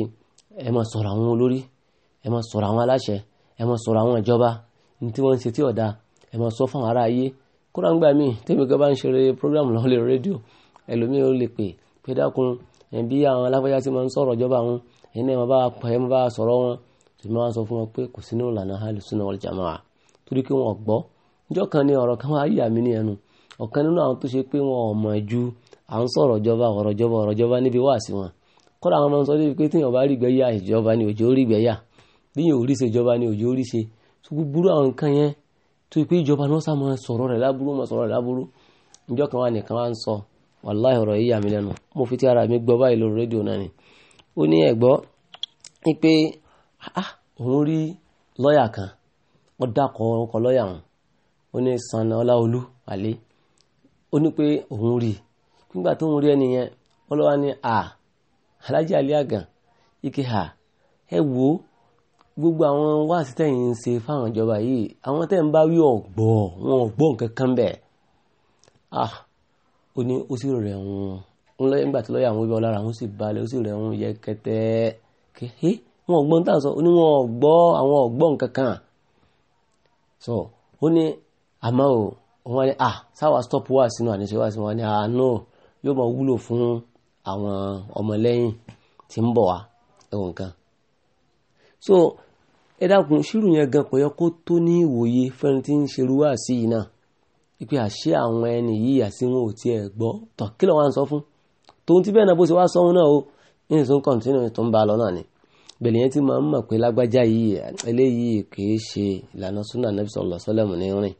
ẹ máa sọ̀rọ̀ àwọn olórí ẹ máa sọ̀rọ̀ àwọn aláṣẹ ẹ máa sọ̀rọ̀ àwọn ìjọba ní tí wọ́n ń ṣe tí ọ̀dà ẹ máa sọ fáwọn ará ayé kódà ń gbà mí tèmi kan bá ń ṣeré program lọ́wọ́ lè rédíò ẹlòmíì ó lè pè pé dákun bí àwọn alágbájá ti máa ń sọ̀rọ̀ ìjọba wọn ẹ̀yin náà bá pọ̀ ẹ̀ bá sọ̀rọ̀ wọn tèmi wá sọ fún wọn pé kò sí nínú ìlànà alùsùnà wal jamaa torí pé wọn gbọ́ níjọ́ kan ní ọ̀rọ̀ kan wá yà ní ẹnu ọ̀kan nínú àwọn tó ṣe pé wọn ò mọ̀ à ń sọ̀rọ̀ ìjọba ọ̀rọ̀ ìjọba ọ̀rọ̀ ìjọba níbi wá sí wọn kọ́ra àwọn ọmọ sọ débi pé tíyàn bá rí gbẹ́yà ìjọba ni òjò rí gbẹ́yà tíyàn ò rí ṣe ìjọba ni òjò rí ṣe tó burú àwọn nǹkan yẹn tó pé ìjọba náà sàmọ sọ̀rọ̀ rẹ̀ láburú mọ̀ sọ̀rọ̀ rẹ̀ láburú ìjọ kan wà nìkan wá ń sọ wàláhì ọ̀rọ̀ yìí yà mí lẹ́nu mo fi ti ara mi gbọ́ báyìí lórí rédíò náà ni ó ní ẹ̀gbọ́ pé òun rí lọ́ọ̀yà kan ó dákọ̀ ọkọ̀ lọ́ọ̀yà wọn ó ní sanna ọláolú àlẹ́ ó ní pé òun rí i nígbà tó ń rí ẹni yẹn wọ́n lọ́wọ́ ní à alájí alẹ́ àgàn ike à ẹ wo gbogbo àwọn wáàsí tẹ̀yìn ń ṣe fáwọn ìjọba yìí àwọn tẹ̀ bá wí ọ̀gbọ́ wọn ọ̀gbọ́ nǹkan kan bẹ́ẹ̀ ah ó ní ó sì rẹ̀ wọn ń lọ́yẹ̀ nígbà tí lọ́yà àwọn ibi ọlára àwọn sì balẹ̀ ó sì rẹ̀ wọn yẹ kẹtẹ kéhe wọn ọ̀gbọ́n tá à sọ ó ní wọn ọ̀gbọ́ àwọn ọ̀gbọ́ nǹkan kan so ó ní àmọ́ ò wọn ni ah sáwà stop wá sínú àníṣe wá sínú wọn ni ah no yóò máa wúlò fún àwọn ọmọlẹ́yìn tí ń bọ̀ wá ẹ̀wọ̀n kan so ẹ dákun ṣírù yẹn gan kò yẹ kó tó ní ìwòye fẹ́ni tí ń ṣerú wá sí yìí náà ipe àṣé àwọn ẹni yìí àti wọn ò tiẹ̀ gbọ́ tọ̀ kí lọ́wọ́ à ń sọ fún tòun ti bẹ́ẹ̀ náà bó ṣe wá sọ́hun náà o ní ìsún kọ̀ǹtínú tó ń ba lọ náà ni bẹ̀lẹ̀ yẹn ti máa ń mọ̀ pé lágbájá yìí eléyìí kìí ṣe ìlànà súnà nàbì sallallahu alaihi wasallam ní rìn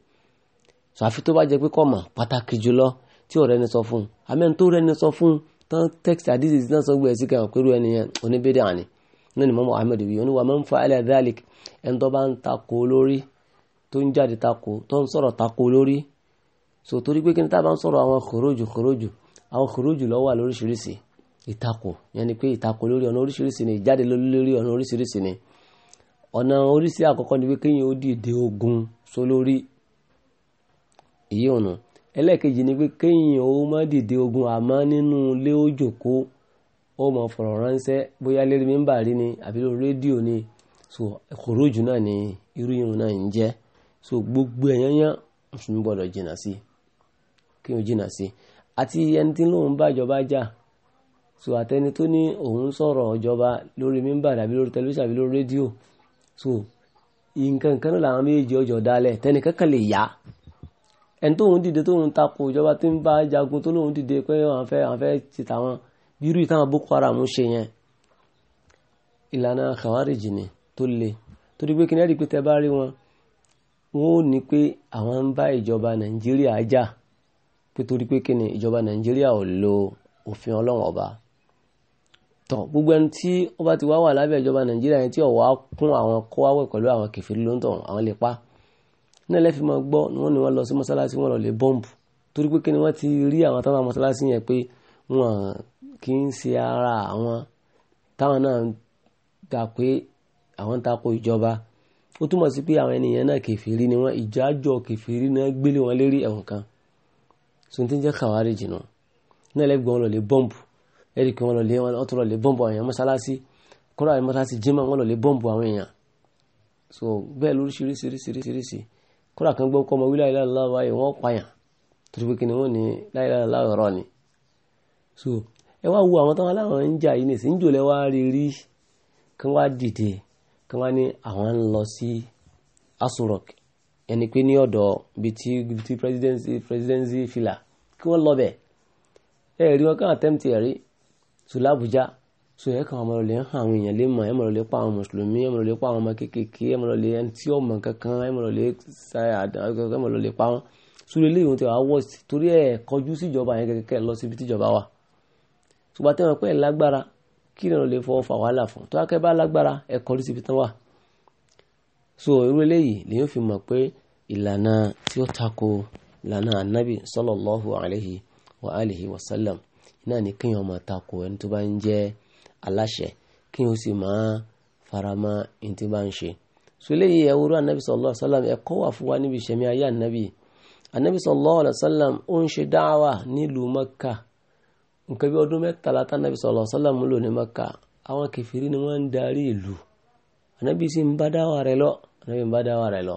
sọ àfi tó bá jẹ pé kọ̀ mọ̀ pàtàkì jùlọ tí ọ̀rẹ́ ni sọ fún un àmẹ́ni tó rẹ́ ni sọ fún un tán text àdìsí náà sọ gbé ẹ̀ kan pẹ̀lú ẹni yẹn oníbèdè àní náà ni mọ́mọ́ ahmed wí oníwà máa ń fa ẹlẹ́ dalik ẹni tó bá ń takò lórí tó ń jáde takò tó ń sọ̀rọ̀ takò lórí so torí pé kí ni tá a bá ń sọ̀rọ̀ àwọn kòrójù kòrójù àwọn kòrójù ló wà lóríṣiríṣi ìtakò yẹn ni pé ìtakò lórí ọ̀nà oríṣiríṣi ni ìjáde lórí ọ̀nà oríṣiríṣi ni ọ̀nà oríṣi àkọ́kọ́ ni pé kéèyàn ó dìde ogun sólórí ìyí ọ̀nà ẹlẹ́ẹ̀kejì ni pé kéèyàn ó má dìde ogun àmọ́ nínú ilé ó jókòó ó mọ̀ fọ̀rọ̀ ránṣẹ́ bóyá lérí mímbà rí ni àbí lórí rédíò ni so kòrójù náà ni irú irun náà ń jẹ́ so gbogbo ẹ̀yán yán mùsùlùmí gbọ́dọ̀ jìnà sí kí n jìnà sí àti ẹni tí lóun bá ìjọba jà so àtẹni tó ní òun sọ̀rọ̀ ìjọba lórí mímbà àbí lórí tẹlifíṣàn àbí lórí rédíò so nǹkan kan náà làwọn méjì ọjọ́ dálẹ̀ tẹnìkan kan lè yá ẹni tóun dìde tóun takò ìjọba tí ń bá jagun tó lóun dìde pé àwọn fẹ́ àwọn fẹ́ ti tàwọn bírú ìtàwọn boko haram ṣe yẹn ìlànà kàwárìjì ni tó le torí pé kí ní ẹ̀rí pé tẹ bá rí wọn wọn ò ní pé àwọn ń bá ìjọba nàìjíríà jà pé torí pé kí ni ìjọba nàìjíríà ò lo òfin ọlọ́run ọba tọ gbogbo ẹni tí ó ti wá wà lábẹ́ ìjọba nàìjíríà yẹn tí ó wá kún àwọn kó wáwẹ̀ pẹ̀lú àwọn kẹfìrí ló àwọn lè pa náà lẹ́fi máa gbọ́ ni wọ́n ní wọ́n lọ sí mọ́sálásí wọ́n lọ lè bọ́ǹbù torí pé kí ni wọ́n ti rí àwọn táwọn mọ́sálásí yẹn pé wọn kì í ṣe ara àwọn táwọn náà ń ta pé àwọn ń takò ìjọba ó túmọ̀ sí pé àwọn ènìyàn náà kẹfìrí ni wọ́n ìjájọ́ kẹfìrí náà gbélé wọn lérí ẹ̀wọ̀n kan sun ti ń jẹ́ kàwárí jìnnà náà lẹ́gbẹ̀ẹ́ wọn lọ lè bọ́ǹbù ẹ̀ríkì wọn lọ lè wọn tún lọ bọ́ǹbù àwọn èèyàn mọ́sálásí kọ́ra kódà kan gbọ́ kọ́ ọmọ wí láìláì láwà yìí pààyàn torí pé kí ni wọ́n ní láìláì ọ̀rọ̀ ni so ẹ wá wo àwọn táwọn aláwọn ń jà yìí nìsín jòlẹ̀ wá rí rí kí wọ́n dìde kí wọ́n ní àwọn ń lọ sí asurok ẹni pé ní ọ̀dọ̀ bí ti ti presidency presidency fila kí wọ́n lọ bẹ̀ ẹ rí wọn káwọn tẹ́mtì ẹ̀rí sùlábùjá. So, so ẹ kàn ọmọ lè ń hàn àwọn èèyàn lè mọ ẹ mọ lè pa àwọn mùsùlùmí ẹ mọ lè pa àwọn ọmọ kéékèèké ẹ mọ lè ẹni tí ọmọ kankan ẹ mọ lè sa ẹ mọ lè pa wọn sórí eléyìí ohun tí wàá wọ sí torí ẹ kọjú síjọba yẹn kẹkẹkẹ lọ síbi tíjọba wà ṣùgbọ́n tẹ́wọ̀n pẹ́ lágbára kí ni lè fọwọ́ fà wàhálà fún tó akẹ́ bá lágbára ẹ kọrí so irú eléyìí lèyìn fi mọ̀ pé ìlànà tí ó tako ìlànà anabi sallallahu alayhi wa alihi wa sallam náà ni kéèyàn máa tako ẹni tó bá ń jẹ́ aláṣẹ kí o sì máa farama ẹni tí bá ń ṣe sọlẹ́ yìí ẹ̀wúrú anabi sallallahu alaihi wasallam ẹ̀kọ́ wà fún wa níbi ìṣẹ̀mí ayé anabi anabi sallallahu alaihi wasallam ó ń ṣe dáwà nílùú mẹ́kà nǹkan bí ọdún mẹ́tàlá tánàbí sallallahu alaihi wasallam lò ní mẹ́kà àwọn kẹfìrí ni wọ́n ń darí ìlú anabi sì ń bá dáwà rẹ lọ anabi ń bá dáwà rẹ lọ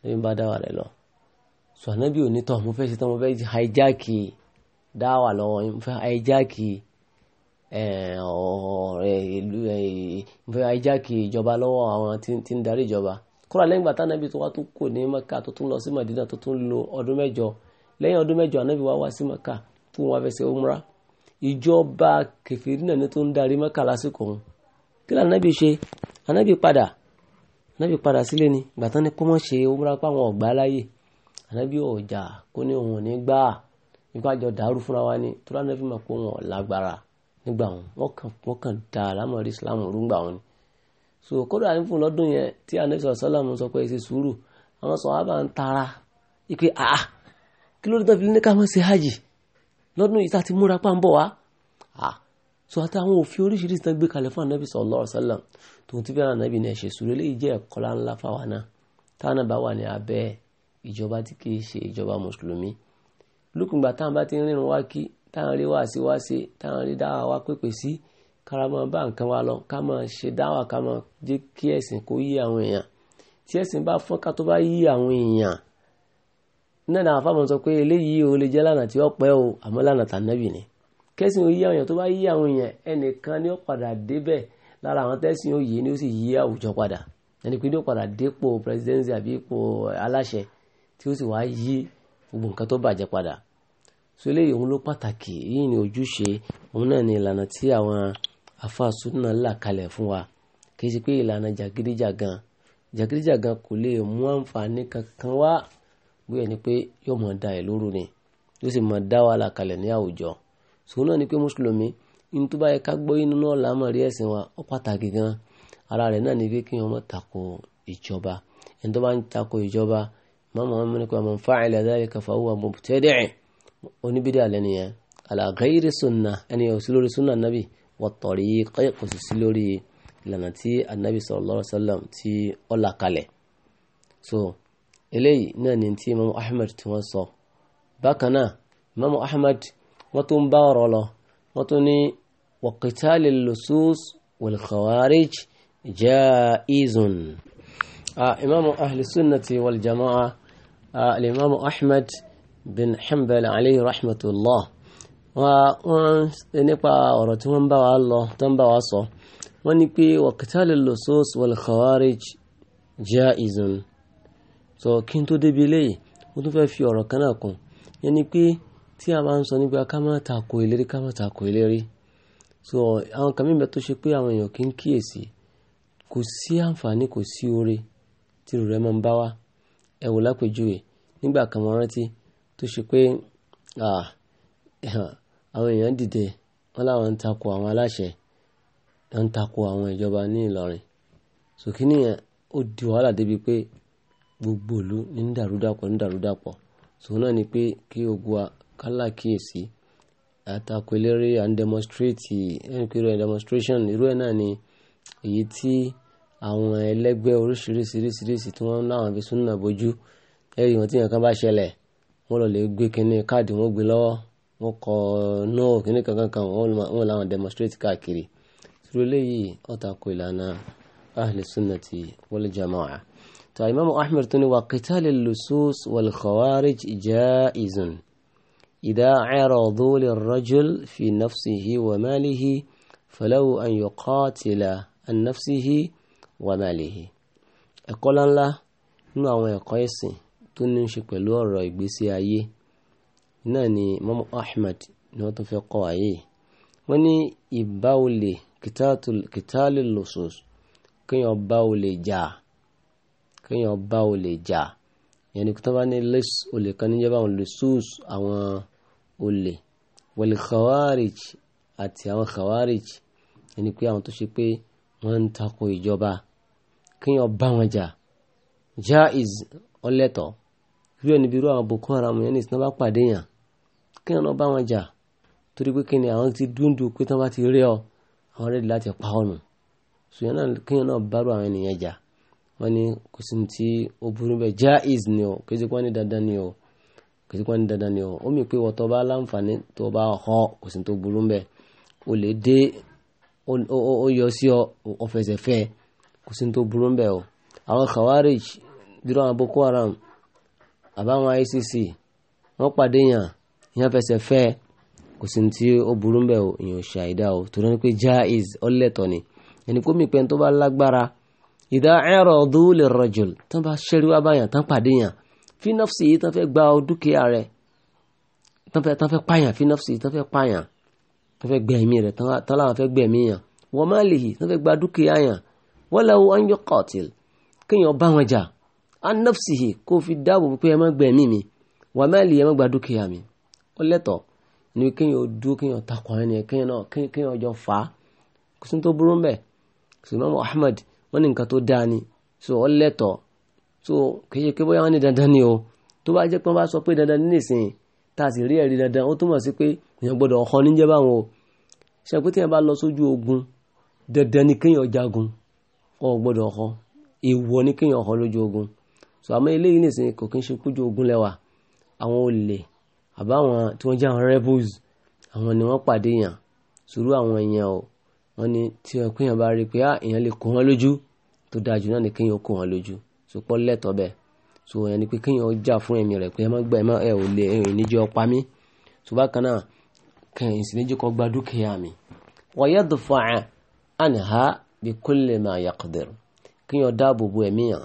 anabi ń bá dáwà rẹ lọ sọ anabi ò ní tọ́ mo fẹ́ ṣe tán mo fẹ́ hijack dáwà lọ́wọ́ mo fẹ́ hijack Ee, eh, eh, ajáki eh, ìjọba lọ́wọ́ àwọn tí ń darí ìjọba kúrò lẹ́yìn ìgbà tánábì tó wá tó kù ní maka tó tún lọ sí Madina tó tún lo ọdún mẹ́jọ lẹ́yìn ọdún mẹ́jọ ànábì wá wá sí maka tó wọn fẹ́ ṣe ìjọba kẹfìrí náà ni tó ń darí mẹ́ka lásìkò wọn kí ló ṣe nígbà wọn wọ́n kàn wọ́n kàn islam rú gbà wọn ni so kódà ní fún lọ́dún yẹn tí anẹ́sọ̀ sọ́làmù sọ pé ṣe sùúrù àwọn sọ̀hábà ń tara ipe àá kí ló dé tán fi ní ká má ṣe hajj lọ́dún yìí tá ti múra pa ń bọ̀ wá so àtàwọn òfin oríṣiríṣi tán gbé kalẹ̀ fún anabi sallallahu alaihi wasallam tòun ti fẹ́ràn anabi ní ẹ̀ṣẹ̀ sùúrù eléyìí jẹ́ ẹ̀kọ́ ńlá fáwa náà táwọn bá wà ní abẹ́ ìjọba tí kì í ṣe ìjọba mùsùlùmí lókùngbà táwọn bá ti ń rìnrìn wá kí táwọn rí wá sí wá sí táwọn rí dáwà wá pèpè sí kára máa bá nǹkan wa lọ ká máa ṣe dáwà ká máa jẹ́ kí ẹ̀sìn kó yí àwọn èèyàn tí ẹ̀sìn bá fọ́n ká tó bá yí àwọn èèyàn náà náà fáwọn sọ pé eléyìí ò lè jẹ́ lànà tí ó pẹ́ o àmọ́ lànà tànàbì ni kẹ́sìn ó yí àwọn èèyàn tó bá yí àwọn èèyàn ẹnìkan ni ó padà débẹ̀ lára àwọn tẹ́sìn ó yí ni ó sì yí àwùjọ padà ẹni pé ní ó padà dépò presidency àbí ipò aláṣẹ tí ó sì wá yí gbogbo nǹkan tó bàjẹ́ padà so eléyìí òun ló pàtàkì yìí ni ojúṣe òun náà ni ìlànà tí àwọn àfáà súnà là kalẹ̀ fún wa kì í ṣe pé ìlànà jàgídíjàgan jàgídíjàgan kò lè mú àǹfààní kankan wá bóyá ni pé yóò mọ̀ da ẹ̀ lóru ni yóò sì mọ̀ dá wàhálà kalẹ̀ ní àwùjọ so náà ni pé mùsùlùmí ní tó bá ká gbọ́ inú náà lámọ̀ rí ẹ̀sìn wa ó pàtàkì gan ara rẹ̀ náà ni pé kí wọ́n mọ̀ tako ìjọba ẹni tó bá ń tako ìjọba mọ́mọ́ mọ́ ní pé man fa'ala dhalika fa huwa mubtadi' oníbídà lẹ́nu yẹn ala ghairi sunna ẹni yẹn ò sí lórí sunna nabi wa tariq kò sì sí lórí ìlànà tí anabi sallallahu alaihi wasallam tí ó là so eléyìí náà ni tí imam ahmed tí wọ́n sọ bákan náà imam ahmed wọ́n tún bá ọ̀rọ̀ lọ wọ́n tún ní wa qitalil lusus wal khawarij jaizun ah, imam ahli sunnati wal jama'a al ah, imam ahmed bin hanbal alayhi rahmatullah wọ́n nípa ọ̀rọ̀ tí wọ́n bá wa lọ tó ń bá wa sọ wọ́n ní pé waqtal al-lusus wal khawarij jaizun sọ kí n tó débi eléyìí wọ́n tún fi ọ̀rọ̀ kan náà kún yẹn ni pé tí a bá ń sọ nípa ká má tako ìlérí ká má tako ìlérí so àwọn kan mímẹ tó ṣe pé àwọn èèyàn kì í kíyèsí kò sí àǹfààní kò sí oore tí rẹ máa ń bá wa ẹ wò lápèjúwe kan mo rántí tó ṣe pé àwọn èèyàn dìde wọn láwọn ń takò àwọn aláṣẹ wọn ń takò àwọn ìjọba ní Ìlọrin sòkínì yẹn ó di wàhálà débi pé gbogbo ìlú ní ń dàrúdàpọ̀ ní dàrúdàpọ̀ sòun náà ni pé kí ogun wa kálá kíyèsí àtakò eléré and demonstrate ẹnikẹ́rọ demonstration irú ẹ̀ náà ni èyí tí àwọn ẹlẹ́gbẹ́ oríṣiríṣiríṣiríṣi tí wọ́n ń láwọn fi súnà bójú ẹ̀rí wọn tí nǹkan bá ṣẹlẹ̀ wọ́n lọ lè gbé kínní káàdì wọ́n gbé lọ́wọ́ wọ́n kọ náà kínní kankan kan wọ́n làwọn demonstrate káàkiri sórí eléyìí ọ̀tà kò ìlànà ahli sunnati wal jama'a tó imaamu ahmed tó ní wa qitali lusus wal khawarij jaizun idha aradu lirrajul fi nafsihi wa malihi falahu an yuqatila an nafsihi wa malihi ẹ̀kọ́ ńláńlá nínú àwọn ẹ̀kọ́ ẹ̀sìn tó ní ṣe pẹ̀lú ọ̀rọ̀ ìgbésí ayé náà ni Imam Ahmad ni wọ́n tún fẹ́ kọ́ ayé wọ́n ní ìbá olè kìtàlì lòsòs kéèyàn bá olè jà kéèyàn bá olè jà ìyẹn ni tó bá ní lẹ́s olè kan níjẹ́ báwọn lòsòs àwọn olè wẹ̀lì khawarij àti àwọn khawarij ẹni pé àwọn tó ṣe pé wọ́n ń tako ìjọba kéèyàn bá wọn jà jaiz ọlẹ́tọ̀ọ́ irú ẹni bí irú àwọn boko haram yẹn ní ìsìn bá pàdé yàn kí wọn bá wọn jà torí pé kí ni àwọn ti dúndú pé tí wọn bá ti rí ọ àwọn rẹ́ẹ̀dì láti pa ọ̀nù ṣùgbọ́n náà kí wọn náà bá àwọn ènìyàn jà wọn ní kò sí ti ó burú bẹ́ẹ̀ jaiz ni o kò sí pé wọn ní dandan ni o kò sí pé wọn ní dandan ni o ó mì pé wọ́tọ́ bá láǹfààní tó bá họ kò sí tó burú bẹ́ẹ̀ o lè dé ó yọ sí ọ ọ̀fẹ̀sẹ̀fẹ̀ kò sí tó burú bẹ́ẹ̀ o àwọn khawarij dúró àwọn boko haram àbáwọn ICC wọ́n pàdé yàn ìyàn fẹsẹ̀ fẹ́ kò sí tí ó burú mbẹ́ o ìyàn ṣe àìdá o torí ni pé jaiz ọlẹ́tọ̀ ni ẹni kó mi pẹ́ tó bá lágbára ìdá ẹ̀rọ ọdún lè rajul tó bá ṣẹ́rí wá báyàn tán pàdé yàn fi nafsi yìí tán fẹ́ gba ọ dúkìá rẹ̀ tán fẹ́ pààyàn fi nafsi yìí tán fẹ́ pààyàn tán fẹ́ gbẹ̀mí rẹ̀ tán láwọn fẹ́ gbẹ̀mí yàn wa malihi tán fẹ́ gba dúkìá yàn walau an yuqatil kéèyàn bá wọn jà an nafsihi kó fi dáàbò pé ẹ má gbẹ̀mí mi wà mẹ́lì ẹ má gba dúkìá mi ó lẹ́tọ̀ọ́ ni kéèyàn dúró kéèyàn takọ̀ ẹni kéèyàn náà kéèyàn jọ fà á kò sí tó burú mbẹ́ Imam Ahmad wọ́n ní nǹkan tó dáa ni so ó lẹ́tọ̀ọ́ so kì í ṣe pé bóyá wọ́n ní dandan ni o tó bá jẹ́ pé wọ́n bá sọ pé dandan ní ìsìn tá a sì rí ẹ̀rí dandan ó túmọ̀ sí pé èèyàn gbọ́dọ̀ ọ̀hán níjẹ́ báwọn o ṣe pé téèyàn bá lọ sójú ogun dandan ni kéèyàn jagun ọ̀ gbọ́dọ̀ ọ̀hán èèwọ̀ ni kéèyàn ọ̀hán lójú ogun so àmọ́ eléyìí nìsín kò kí ń ṣe kújú ogun lẹ́wà àwọn olè àbáwọn tí wọ́n jẹ́ àwọn rebels àwọn ni wọ́n pàdé yàn sùúrù àwọn èèyàn o wọ́n ní tí wọ́n pínyàn bá rí i pé á ah, èèyàn lè kó wọn lójú tó dáa jù náà ni kéèyàn kó wọn lójú so pọ́ lẹ́tọ̀ bẹ́ẹ̀ so èèyàn ni pé kéèyàn jà fún ẹ̀mí rẹ̀ pé ẹ má gbà ẹ ò lè ẹ ò ní jẹ́ ọpa mi so bákan náà kẹ̀yìn sì ní jẹ́ gba dúkìá mi wa yadfa'a anha bi kulli ma yaqdir kéèyàn dáàbò bo ẹ̀mí yàn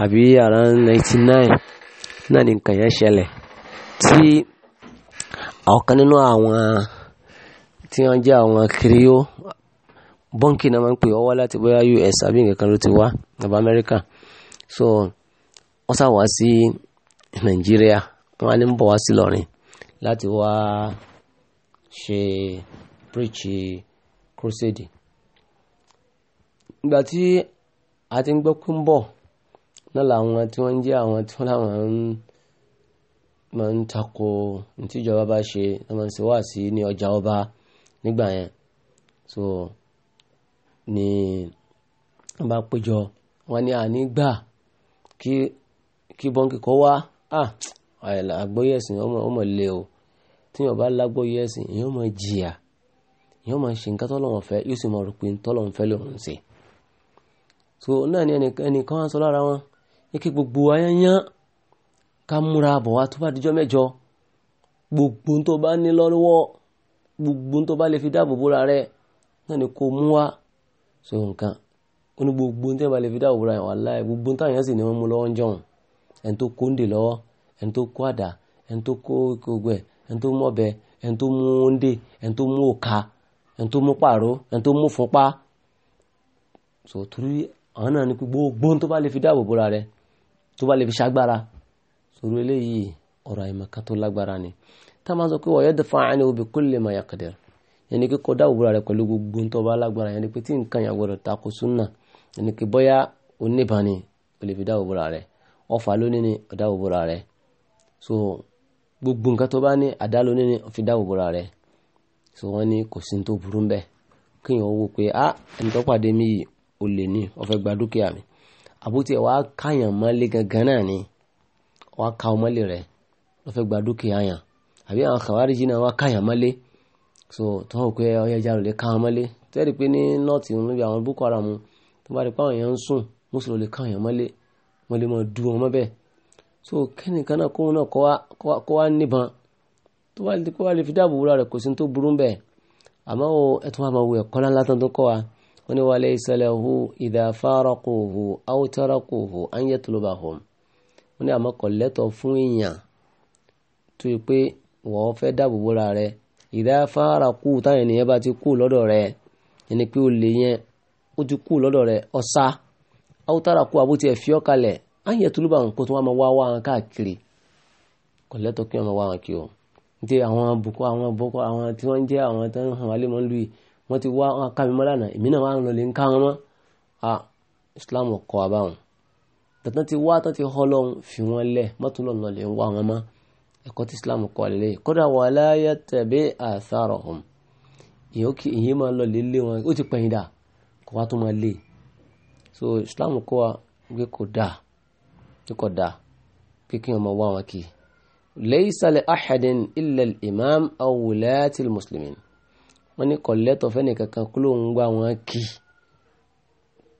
àbí around 99 nine náà ni nǹkan yẹn ṣẹlẹ̀ tí ọ̀kan nínú àwọn tí wọ́n jẹ́ àwọn kiriyó bọ́ǹkì náà máa ń pè ọ́ wá láti US àbí nǹkan ló ti wá àbá Amẹ́ríkà so wọ́n sá wá sí Nàìjíríà wọ́n á ní ń bọ̀ wá sí Ìlọrin láti wá ṣe crusade. ìgbà tí a ti ń gbọ́ pé náà làwọn tí wọ́n ń jẹ́ àwọn tí wọ́n láwọn ń máa ń tako tí ìjọba bá ṣe wọ́n máa ń ṣe wáàsí ní ọjà ọba nígbà yẹn so ni wọ́n bá péjọ wọ́n ní àní gbà kí kí bọ́ǹkì kọ́ wá àgbóyè ẹ̀sìn ọmọ lè o tí yóò bá lágbóyè ẹ̀sìn yóò máa jìyà yóò máa ṣe nǹkan tọ́lọ́wọ́n fẹ́ yóò sì máa rò pé tọ́lọ́wọ́n fẹ́ lòun ṣe so náà ni ẹnìkan sọ lára wọn kí gbogbo ayányán ká múra bọ̀ wá tó bá dijọ́ mẹ́jọ gbogbo tó bá ní lọ́wọ́ gbogbo tó bá lè fi dáàbò bóra rẹ náà ni kò mú wá so nǹkan ó ní gbogbo tó bá lè fi dáàbò bóra rẹ wallahi gbogbo táwọn yẹn sì ni wọ́n mú lọ́wọ́ ń jọ̀hún ẹni tó kó ń dè lọ́wọ́ ẹni tó kó àdá ẹni tó kó gbogbo ẹ̀ ẹni tó mú ọ̀bẹ ẹni tó mú ondé ẹni tó mú òka ẹni tó mú pàró ẹni tó mú fúnpá so torí àwọn náà ni gbogbo tó bá lè fi dáàbò bóra rẹ tó bá lè fi ṣàgbára sòrò eléyìí ọ̀rọ̀ àìmọ̀kan tó lágbára ni tá a máa sọ pé wa yadfa'anhu bi kulli ma yaqdir yẹn ni kíkọ́ dá òwúrọ̀ rẹ̀ pẹ̀lú gbogbo tó bá lágbára yẹn ni pé tí nǹkan yàn gbọdọ̀ takò súnà yẹn ni kí bọ́yá oníbàání ò lè fi dá rẹ̀ ọfà lónìí ni ọ̀dá òwúrọ̀ rẹ̀ so gbogbo nǹkan tó bá ní àdá lónìí ni fi dá òwúrọ̀ rẹ̀ so wọ́n ní kò sí ní tó burú ń bẹ́ẹ̀ kéèyàn wò pé ah ẹni tó pàdé mi yìí olè ní ó fẹ́ gba dúkìá mi àbótiẹ̀ wàá káyàn mọ́lé gangan náà ni wàá ka ọmọlé rẹ̀ wọ́n fẹ́ gba dúkìá yàn àbí àwọn kàwáríjì náà wàá káyàn mọ́lé so tó hàn pé ọyẹ ìjà rò lè káwọn mọ́lé tẹ́rì pé ní nọ́ọ̀tì níbi àwọn boko haram tó bá rí páwọn èèyàn ń sùn mùsùlùmí lè káwọn èèyàn mọ́lé wọ́n lè máa wọn mọ́ so kẹ́nìkan náà kóhun náà kó wá níbọn tó bá lè fi dáàbò wúrà rẹ̀ kò sí tó burú bẹ́ẹ̀ àmọ́ ẹ̀tún àmọ́ ẹ̀kọ́ ńlá tán tó wọ́n wa walaysa lahu idha faraquhu aw tarakuhu an yatlubahum wọ́n ní àmọ́ kò lẹ́tọ̀ fún èèyàn tó yẹ pé wọ́n fẹ́ dáàbò bóra rẹ idha faraku táwọn ènìyàn bá ti kú lọ́dọ̀ rẹ ẹni pé olè yẹn an yatlubahum o wọ́n ti wá wọn ká mi mọ́ lánàá èmi náà wà ń lọlé ń ká wọn mọ́ a islam kọ́ abáwọn tọ́tán ti wá tán ti họ́ lọ́hún fi wọ́n lẹ̀ mọ́tún lọ́nà lè ń wá wọn mọ́ ẹ̀kọ́ tí islam kọ́ lélẹ̀ kódà wà láyé tẹ̀bí àṣàrọ̀ hàn ìyẹn máa lọ lélẹ̀ wọn ó ti pẹ̀yìn dà kó wá tó máa lè so islam kọ́ wa pé kò dáa pé kò dáa pé kí wọ́n máa wá wọn kì í laysa li ahadin illa al-imam aw wọ́n ní kọ̀lẹ́tọ̀ fẹ́ni kankan kó lóun gbá wọn kì í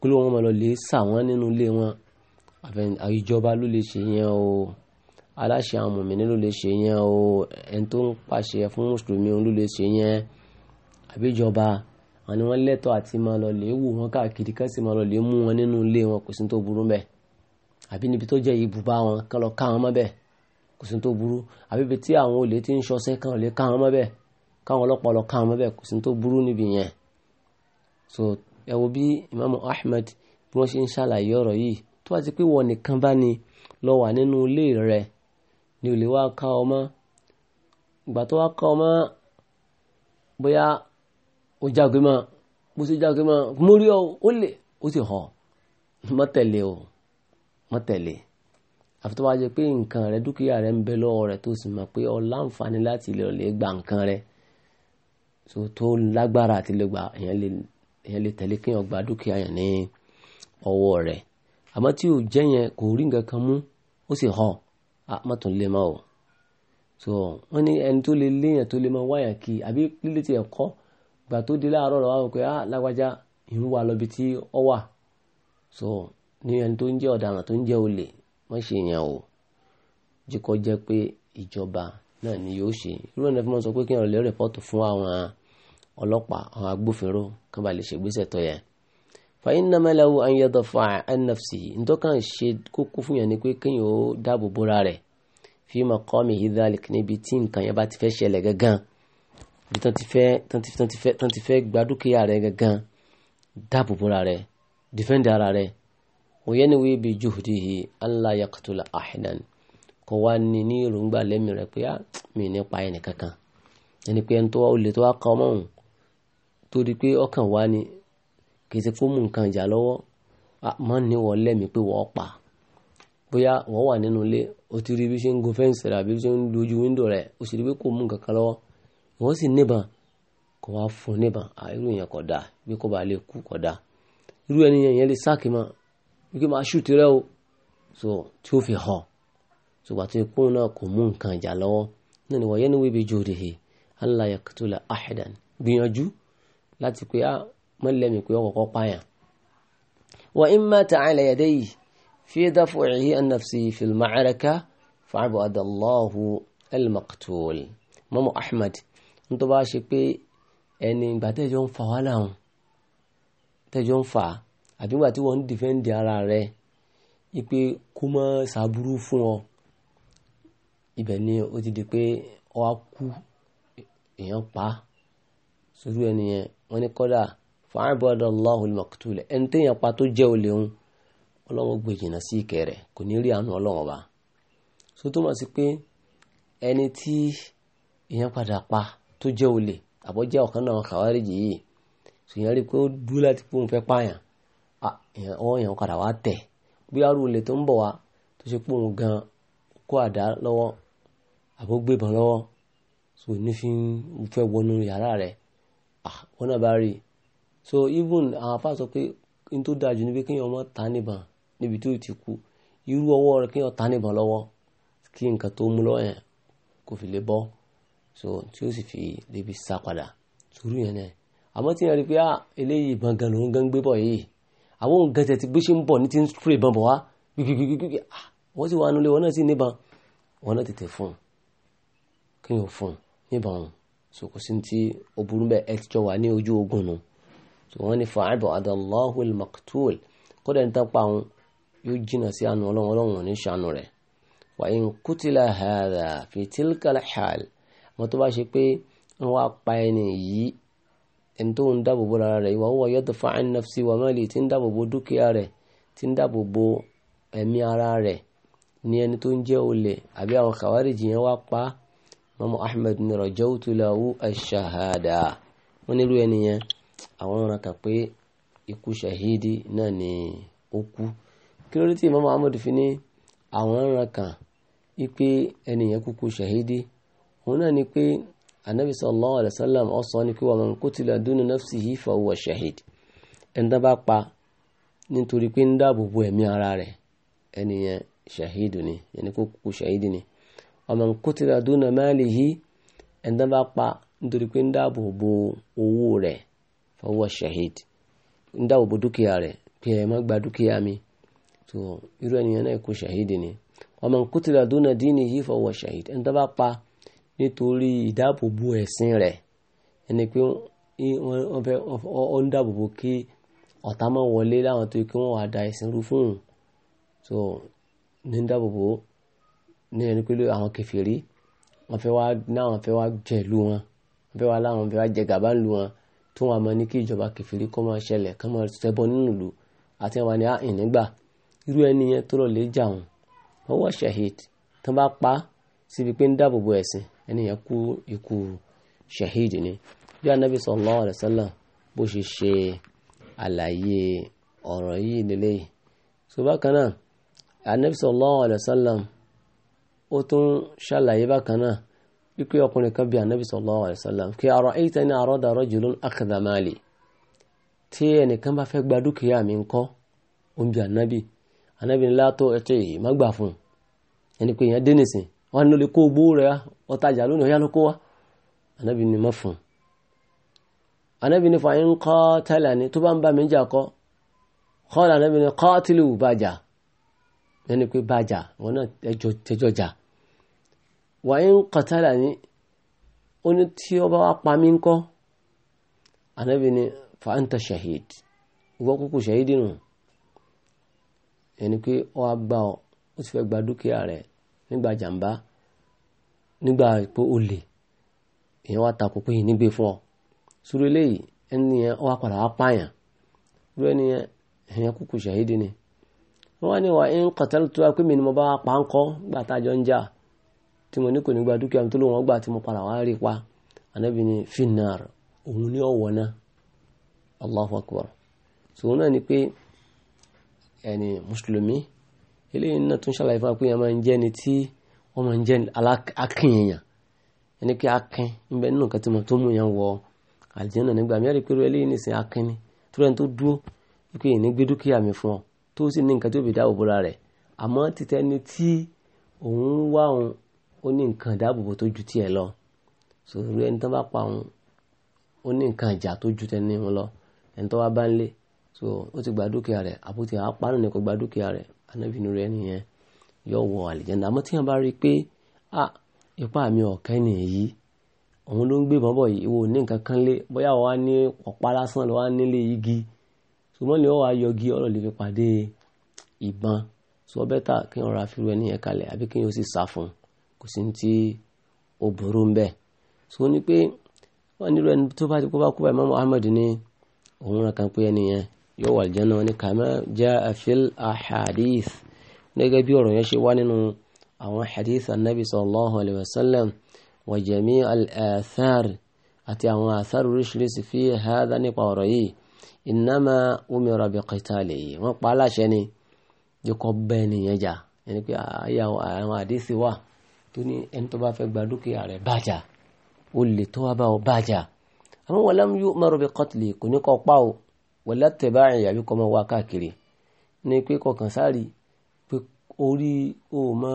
kó lóun máa lọ lè sà wọ́n nínú ilé wọn ìjọba ló lè ṣe yẹn o aláṣẹ àwọn mùmíní ló lè ṣe yẹn o ẹni tó ń pàṣẹ fún mùsùlùmí ló lè ṣe yẹn àbíjọba àwọn ni wọ́n lẹ́tọ̀ àti máa lọ lè wù wọn káàkiri kan sì máa lọ lè mú wọn nínú ilé wọn kò sí tó burú mẹ́ àbí níbi tó jẹ́ ibùba wọn kán lọ ká wọn mọ́ bẹ́ẹ̀ kò sí tó burú àbí ibi tí àwọn olè ti ń ṣọṣẹ́ kán lè ká wọn mọ́ bẹ́ẹ̀ káwọn ọlọ́pàá lọ káwọn mọ́bẹ̀ kò sí tó burú níbi yẹn so ẹ wo bí Imam Ahmed bí wọ́n ṣe ń ṣàlàyé ọ̀rọ̀ yìí tó wá ti pé wọ́n nìkan bá ní lọ wà nínú ilé rẹ ni ò lè wá ká ọmọ ìgbà tó wá ká ọmọ bóyá ó jágbe mọ́ bó ṣe jágbe mọ́ mórí ọ ó lè ó ti họ mọ́tẹ̀lé o mọ́tẹ̀lé àfi tó wá jẹ pé nǹkan rẹ dúkìá rẹ ń bẹ lọ́wọ́ rẹ tó sì mọ̀ pé ọ láǹfààní láti lè gbà nǹkan rẹ so tó lágbára àti lè gbà èèyàn lè tẹ̀lé kéèyàn gba dúkìá yẹn ní ọwọ́ rẹ̀ àmọ́ tí ò jẹ́ yẹn kò rí nǹkan kan mú ó sì hàn á ah, má tún lè máa o so wọ́n ní ẹni tó lè léèyàn tó lè máa wáyàn kí àbí lílé ti ẹ̀kọ́ gbà tó di láàárọ̀ rẹ̀ wá wọ́n pé á ah, lágbájá ìhun wà lọ́bi tí ọ wà so ní ẹni tó ń jẹ́ ọ̀daràn tó ń jẹ́ olè wọ́n ṣe yẹn o jíkọ́ jẹ́ pé ìjọba náà ni yóò ṣe irú ẹ̀nà fún wọn sọ pé kí wọn lè rìpọ́tù fún àwọn ọlọ́pàá àwọn agbófinró kán bá lè ṣègbésẹ̀ tó yẹ. fàyínà mẹ́lẹ́wọ́ anyadọ̀ fa nfc ntọ́kàn ṣe kókó fún yẹn ni pé kéèyàn ó dáàbò bóra rẹ̀ fi mọ̀ kọ́ mi hidalik níbi tí nǹkan yẹn bá ti fẹ́ ṣẹlẹ̀ gangan ibi tán ti fẹ́ tán ti fẹ́ gba dúkìá rẹ̀ gangan dáàbò bóra rẹ̀ dìfẹ́ǹdì ara rẹ̀ òyẹ́niwé bíi juhdihi allah kó wá ní ní èròǹgbà lẹ́mí rẹ̀ pé ah, mi nípa ẹnì kankan ẹni pé ẹni tó olè tó wá ka ọmọ òun tó pé ọkàn wá ni kì í ṣe pé nǹkan ìjà lọ́wọ́ má n'i wọ́n lẹ́mí pé wọ́n pa bóyá wọ́n wà nínú ilé ó ti rí bí ṣe ń go fẹ́ǹsì rẹ̀ àbí ṣe ń dojú wíńdò rẹ̀ sì rí pé kò mú nǹkan lọ́wọ́ wọ́n sì ṣùgbọ́n àti pé òun náà kò mú nǹkan ìjà lọ́wọ́ náà ni wọ́yẹ́ níwèé bíi jòdè he Allah yaqtula ahadan gbìyànjú láti pé ah, mọ́lẹ́mi pé ọkọ̀ọ̀kọ́ pààyàn. wa imma ta'ala yadayhi fi daf'ihi an nafsi fil ma'araka fa'abada Allahu al-maqtul mọ́mú Ahmad ń ṣe pé ẹni ìgbà tẹ́jọ́ ń fa wàhálà hàn tẹ́jọ́ ń fa àbí ìgbà tí wọ́n dìfẹ́ǹdì ara rẹ̀ ipe kó mọ́ sàbúrú fún ọ ibẹ̀ ni ó ti di pé ó kú èèyàn pa á sórí ẹni yẹn wọ́n ní kọ́dà fa'abada Allahul maqtul ẹni téèyàn pa tó jẹ́ olè ń ọlọ́wọ́ gbé jìnnà sí ìkẹ́ rẹ̀ kò ní rí àánú ọlọ́wọ́ bá so tó mọ̀ sí pé ẹni tí èèyàn padà pa tó jẹ́ olè àbọ̀ ọ̀kan náà kàwáríjì yìí àbó gbébọn lọ́wọ́ so ní fi ń fẹ́ wọnú yàrá rẹ̀ ah, wọ́n náà bá rí i so even àwọn afá sọ pé n tó dáa jù ni pé kéèyàn ọmọ ta níbọn níbi tí ó ti kú irú ọwọ́ rẹ̀ kéèyàn ta níbọn lọ́wọ́ kí nǹkan tó mú lọ́wọ́ yẹn kò fi lè bọ́ so tí ó sì fi débi sá padà sùúrù yẹn náà àmọ́ tí yẹn rí i pé ah eléyìí ìbọn gan lòún gan gbé bọ̀ yìí àwọn òun gan tẹ̀tí gbé ṣe ń bọ̀ ní ti ń spray ìbọn bọ̀ wá ah wọ́n sì wà nulẹ̀ wọn náà sì níbọn wọn náà tètè fún un kí yóò fún un níbọn òun so kò sí ti ó burú bẹ́ẹ̀ ẹ ti jọ wà ní ojú ogun nu so wọ́n ní fa'abu adallahu al-maktul kódà ní tápá òun yóò jìnnà sí àánú ọlọ́run ọlọ́run ní sànú rẹ̀ wa in kutila hadha fi tilka mo tó bá ṣe pé wọ́n wá pa ẹni yìí ẹni tó ń dáàbò bo ara rẹ̀ wa huwa yadfa an nafsi wa mali tí ń dáàbò bo dúkìá rẹ̀ tí ń dáàbò bo ẹ̀mí ara rẹ̀ ní ẹni tó ń jẹ́ olè àbí àwọn kàwárìjì yẹn wá pa á mọ́mọ́ ahmed ní rajawtu lahu ash-shahada wọ́n nílùú ẹni yẹn àwọn ọ̀ràn kà pé ikú ṣahidi náà ni ó kú kí ló dé tí mọ́mọ́ ahmed fi ní àwọn ọ̀ràn kan ipe ẹni yẹn kúkú ṣahidi òun náà ni pé anabi sallallahu alayhi wa sallam ọ̀sán ni pé wa man qutila duna nafsihi fa huwa shahid ẹni tán bá pa nítorí pé ń dáàbò bo ẹ̀mí ara rẹ̀ ẹni yẹn ni ẹni kúkú ṣahidi ni ọmọ nkútìlá na máàlì yìí ẹni tó bá ndabobo nítorí pé ń owó rẹ fọwọ́ shahid ń dáàbò bo dúkìá pé gba dúkìá mi tó irú ènìyàn náà kú shahid ni ọmọ nkútìlá dúnà dínì yìí fọwọ́ shahid nítorí ẹ̀sìn ẹni pé ń kí ọ̀tá wọlé láwọn tó kí ní ẹni pé àwọn kẹfìrí wọn fẹ́ wá náwọn fẹ́ wá jẹ ìlú wọn wọn fẹ́ wá láwọn fẹ́ wá jẹ gàba ìlú wọn tó wọn máa ní kí ìjọba kẹfìrí kó máa ṣẹlẹ̀ kó máa ṣẹbọ nínú ìlú àti àwọn ni ìnígbà irú ẹni yẹn tó lọ jà wọn wọn wọ shahid tó bá pa síbi pé ń dáàbò bo ẹni yẹn kú ikú shahid ni bí anabi sallallahu alaihi wasallam bó ṣe ṣe àlàyé ọ̀rọ̀ yìí lélẹ́yìí ṣùgbọ́n kan náà anabi sallallahu alaihi wasallam ó tún ṣàlàyé bákan náà wípé ọkùnrin kan bí anabi sallallahu alayhi wa sallam kí ara'ayta in arada rajulun akhadha mali tí ẹnìkan bá fẹ́ gba dúkìá mi ńkọ́ ó ń bí anabi anabi ńlá tó ẹtẹ yìí má gbà fún un ẹni pé èèyàn dé nìsín wọn ló lè kó gbó rẹ ọtajà lónìí ọyá ló kó wa anabi ni má fún un ni fàáyín kọ́ tẹ́lá ni tó bá ń bá mi jà kọ́ kọ́ anabi ni qatilu bàjà ẹni pé bàjà wọn náà ẹjọ́ tẹjọ́ wà ń kọtàlà ni onye tí ó bá wá pa mí ni Fanta shahid ìwọ kúkú shahid nù ẹni pé ọ ọ ó ti gba dúkìá rẹ nígbà jàǹbá nígbà pé ó lè èèyàn wá takò pé yìí nígbè fún ọ eléyìí ẹni ọ wá padà wá pààyàn ẹni yẹn èèyàn shahid ni wọ́n wá ní wà ń tó wá pé mi ni mo bá tí mo ní kò ní gba dúkìá mi tó lóun ọgbà tí mo padà wá rí pa anábì ní finnar òun ní ọ̀wọ̀ náà allahu akbar sòun náà ni pé ẹni mùsùlùmí eléyìí náà tún ṣàlàyé fún wa pé yẹn máa ń jẹ́ ni tí wọ́n máa ń jẹ́ alákìn èèyàn ẹni pé akin ń bẹ nínú nǹkan tó mú yẹn wọ àlìjẹ́nà nígbà mẹ́rin pé eléyìí ní sin akin ni tó rẹ̀ tó dúró pé èyí ní gbé dúkìá mi fún ọ tó sì ní nǹkan tó bìí dáàbò bóra rẹ̀ àmọ́ títẹ́ ni tí òun wá òun ó ní nǹkan ìdáàbòbò tó ju tiẹ̀ lọ sòrò ẹni tó bá pa òun ó ní nǹkan ìjà tó ju tẹni wọn lọ ẹni tó wá bá ń lé so ó ti gba dúkìá rẹ̀ àbótí àpánù ni kò gba dúkìá rẹ̀ anábìínú rẹ̀ nìyẹn yóò wọ àlìjẹ́ndà àmọ́ tí wọ́n bá rí i pé ah ipá mi ọ̀kẹ́ nìyí òun ló ń gbé bọ́bọ̀ yìí ìwọ ní nǹkan kan lé bóyá wọ́n á ní ọ̀pá lásán lọ́wọ́ á nílé igi ṣùgbọ́n ni wọ́n wá yọgi ọ̀rọ̀ lè fi pàdé ìbọn sọ bẹ́tà kí wọ́n ra fírú ẹni yẹn kalẹ̀ àbí kí wọ́n sì sá fún un kò sí ti ó burú mbẹ́ so ní pé wọ́n nílò ẹni tó bá ti kó bá kú báyìí mọ́mọ́ ahmed ní òun ràn kan pé ẹni yẹn yóò wà lìjẹ́ náà ní kàmá jaa fil ahadith gẹ́gẹ́ bí ọ̀rọ̀ yẹn ṣe wá nínú àwọn hadith anabi sallallahu alayhi wa sallam wa jami' al-athar àti àwọn athar oríṣiríṣi fi hàdá nípa ọ̀rọ̀ yìí innama umira bi qitalihi wọ́n pa aláṣẹ ni jẹ́ kọ́ bẹ́ẹ̀ nìyẹn jà ẹni pé àwọn àdìsí wà tó ní ẹni tó bá fẹ́ gba dúkìá rẹ̀ bàjá ó lè tó wá bá ọ bàjá àmọ́ walam yu'maru bi qatli kò ní kọ́ pa o wala taba'i àbí kọ́ mọ́ wá káàkiri ní pé kọkàn sáré pé orí o mọ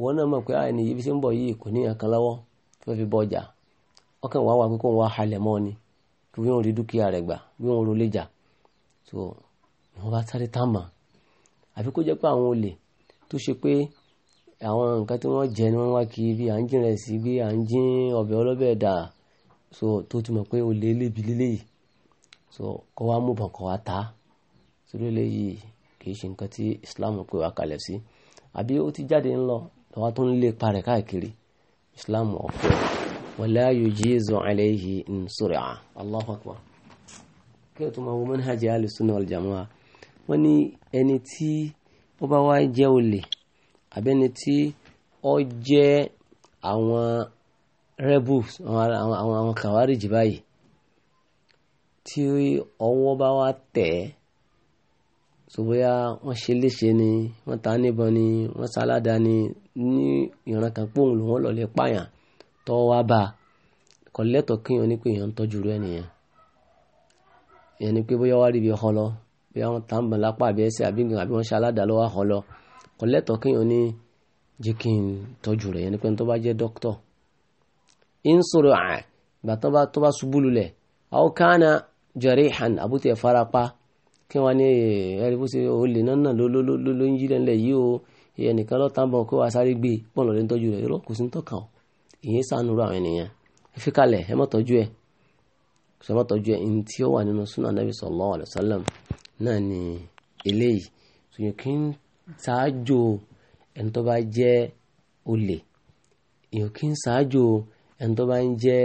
wọn náà mọ̀ pé àìní ibi tí ń bọ̀ yìí kò ní ìyànkan lọ́wọ́ fẹ́ fi bọ́ ọjà ọkàn wá pé kó wá halẹ̀ mọ́ ni kí wọ́n rí dúkìá rẹ̀ gbà bí wọ́n rọlé jà so wọ́n bá sáré tá àwọn nǹkan tí wọ́n jẹ ni wọ́n wá kiri bí à ń jìn sí bí à ń jìn ọbẹ̀ ọlọ́bẹ̀ dà so tó ti mọ̀ pé o lè lébi léyìí so kọ́ wa mú bọ̀ǹkọ̀ wa ta sórí léyìí kì í ṣe nǹkan tí Islam pè wá kalẹ̀ sí àbí ó ti jáde ńlọ lọ́wọ́ tó ń lè parẹ̀ káàkiri Islam ọ̀fẹ́ wala yujizu alayhi in sur'a Allahu akbar kí o tó máa wo manhaji al wọ́n ní ẹni tí ó bá abẹ́ni tí ọ jẹ́ àwọn rebels àwọn kàwárìjì báyìí tí ọwọ́ bá wá tẹ̀ ẹ́ sọ̀bọ́yá wọ́n ṣe léṣe ni wọ́n ta níbọn ni wọ́n sáládà ni ní ìran kan pòun ló wọ́n lọ́lẹ́ pààyàn tọ́ wá bá a kò lẹ́tọ̀ọ́ kéèyàn ní pé èèyàn ń tọ́jú rẹ̀ nìyẹn ìyẹn ni pé bóyá wá rí ibi ọkọ lọ bóyá wọ́n ta ń bọ̀ lápá àbí ẹsẹ̀ àbí wọ́n ṣe lọ́wọ́ ọkọ lọ kò lẹ́tọ̀ọ́ kéèyàn ní jẹ́ kí n tọ́jú rẹ̀ yẹn ni pé tó bá jẹ́ dókítọ̀ ń sọ̀rọ̀ ẹ̀ ìgbà tó bá ṣubú lulẹ̀ àwọn kánà jarihan àbútẹ̀ farapa kí wọ́n ní ẹ̀rí bó ṣe olè náà ló ń yílẹ̀ ńlẹ̀ yìí o ẹnìkan lọ́ta ń bọ̀ kó wa sáré gbé pọ̀ lọ́dẹ ń tọ́jú rẹ̀ yọ̀rọ̀ kò sí ń tọ́ka o ìyẹn sànú ra àwọn ènìyàn fi kalẹ̀ ẹ má tọ́jú ẹ sọ má tọ́jú tí ó wà nínú sunan nabi sallallahu alaihi wasallam náà ni eléyìí tòyìn kí ń ṣáájú ẹni tó bá jẹ́ olè èèyàn kì í ṣáájú ẹni tó bá ń jẹ́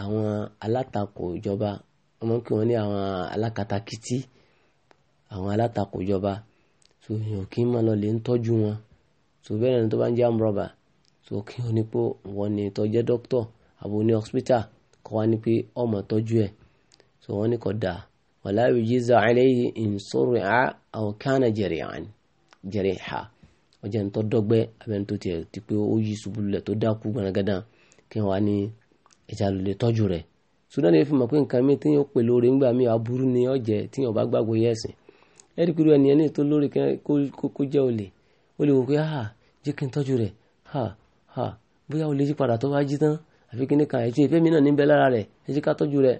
àwọn alátakò ìjọba ọmọ kí wọ́n ní àwọn alákatakítí àwọn alátakò ìjọba so èèyàn kì í máa lọ lè ń tọ́jú wọn so bẹ́ẹ̀ ni tó bá ń jẹ́ amúrọ̀bà so kí wọ́n ní pé wọ́n ní tó jẹ́ dókítọ̀ àbò ní hospital kọ́ wá ní pé ọmọ tọ́jú ẹ̀ so wọ́n ní kọ́ da wàláyé yíza àìlẹ́yìn ìṣòro àwọn kánà jẹ̀rẹ̀ àní jariha ọjà ń tọ́ dọ́gbẹ́ abẹ́ni tó tiẹ̀ ti pé ó yí ṣubú lulẹ̀ tó dákú gbanagada kí wọ́n á ní ẹja lulẹ̀ tọ́jú rẹ̀ sudan yẹn fi mọ̀ pé nǹkan mi tí yẹn pè lóore ńgbà mi aburú ni ọ̀jẹ̀ tí yẹn ò bá gbàgbọ́ yẹ ẹ̀sìn ẹ̀rí pẹ̀lú ẹni ẹni tó lórí kó jẹ́ olè ó lè wò pé ha jẹ́ kí n tọ́jú rẹ̀ ha ha bóyá olè yí padà tó bá jí tán àfi kí ní kan ẹ̀ tí ìfẹ́ mi náà níbẹ̀ lára rẹ̀ ẹ jẹ́ ká tọ́jú rẹ̀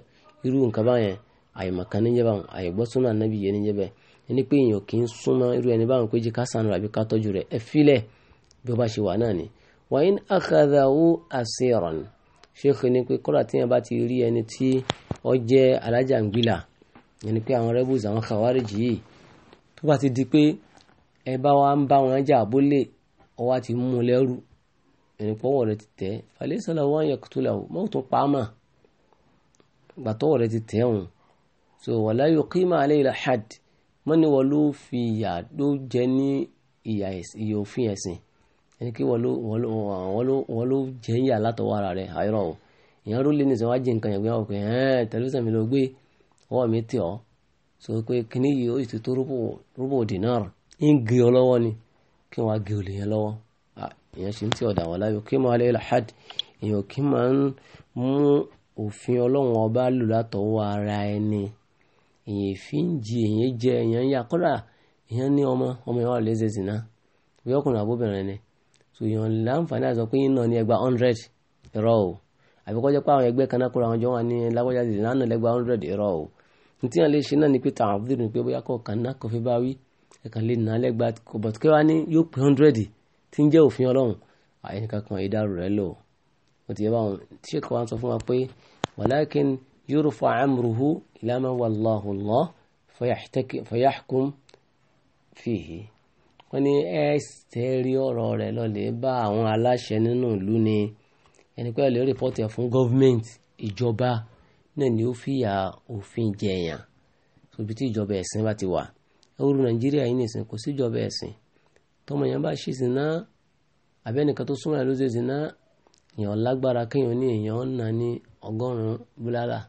irú nǹkan báyẹn àyèmọ̀kan níjẹ́ báwọn àyègbọ́sọ́nà nábì yẹn níjẹ́ bẹ́ẹ̀ ẹni pé èèyàn kì í súnmọ́ irú ẹni báwọn pé jẹ́ ká sànù àbí ká tọ́jú rẹ̀ ẹ filẹ̀ bí ó bá ṣe wà náà ni. wa in akhadhahu asiran ṣéèkì ni pé kọ́ra tí yẹn bá ti rí ẹni tí ó jẹ́ alájàngbìlà ẹni pé àwọn rebels àwọn kàwárìjì yìí tó bá ti di pé ẹ bá wa ń bá wọn jà abúlé ọwọ́ ti mú un lẹ́rù ẹni pọ́wọ́ rẹ ti tẹ̀ falaysa lahu an yaqtulahu mọ́tò pàmà gbàtọ́wọ́ rẹ ti tẹ̀ ọ̀hún so wala yuqima alayhi al-hadd wọ́n ní wọ́n ló fi ìyà ló jẹ ní ìyà òfin ẹ̀sìn ẹni kí wọ́n ló jẹ ń yà látọwọ́ ara rẹ̀ àìrọ̀ o èèyàn ló lé ní ìsìn wá jẹ nǹkan ìgbéyàwó pé ẹ̀ẹ́n tẹlifíṣàn mi ló gbé ọwọ́ mi tì ọ́ sọ pé kíní yìí ó sì ti tó rúbò dinar ń gé ọ lọ́wọ́ ni kí wọ́n á gé olè yẹn lọ́wọ́ èèyàn ṣe ń tí ọ̀dà wọn láyò kí máa lè lahad èèyàn kí máa ń mú òfin ọlọ́run ọba lò látọwọ́ ara ẹni èyàn fi ń jí èyàn jẹ èyàn ń ya èyàn ní ọmọ ọmọ ìwà lè ṣe zìnà bí ọkùnrin àbóbìnrin ni so èyàn láǹfààní àti ọkùnrin yìí náà ní ẹgbàá hundred irọ́ o àbí kọ́jọ́ pé àwọn ẹgbẹ́ kan náà kóra àwọn jọ wà ní lágbájá zìnà náà lẹ́gbàá hundred irọ́ o ntí wọn lè ṣe náà ni pé tàwọn àbúrò ni pé bóyá kọ́ kan náà kọfí bá wí ẹ̀kan lè nà á lẹ́gbàá but kí wàá ní hundred tí ń jẹ́ òfin ọlọ́run àyẹ̀nìkan kan ìdárò rẹ̀ lò ó ti yẹ amruhu إلى ما والله الله فيحتك فيحكم فيه wọ́n ní ẹ tẹ́rí ọ̀rọ̀ rẹ̀ lọ́lẹ̀ bá àwọn aláṣẹ nínú ìlú ni ẹni pé ọ̀lẹ́ rìpọ́tì ẹ̀ fún ni ó fìyà òfin jẹ̀yàn tí ìjọba ti wà nàìjíríà yìí nìsín kò sí ìjọba ẹ̀sìn tọmọ yẹn bá sìn náà abẹ́nìkan tó súnmọ́ ẹ̀ náà èèyàn lágbára kéèyàn ní èèyàn ń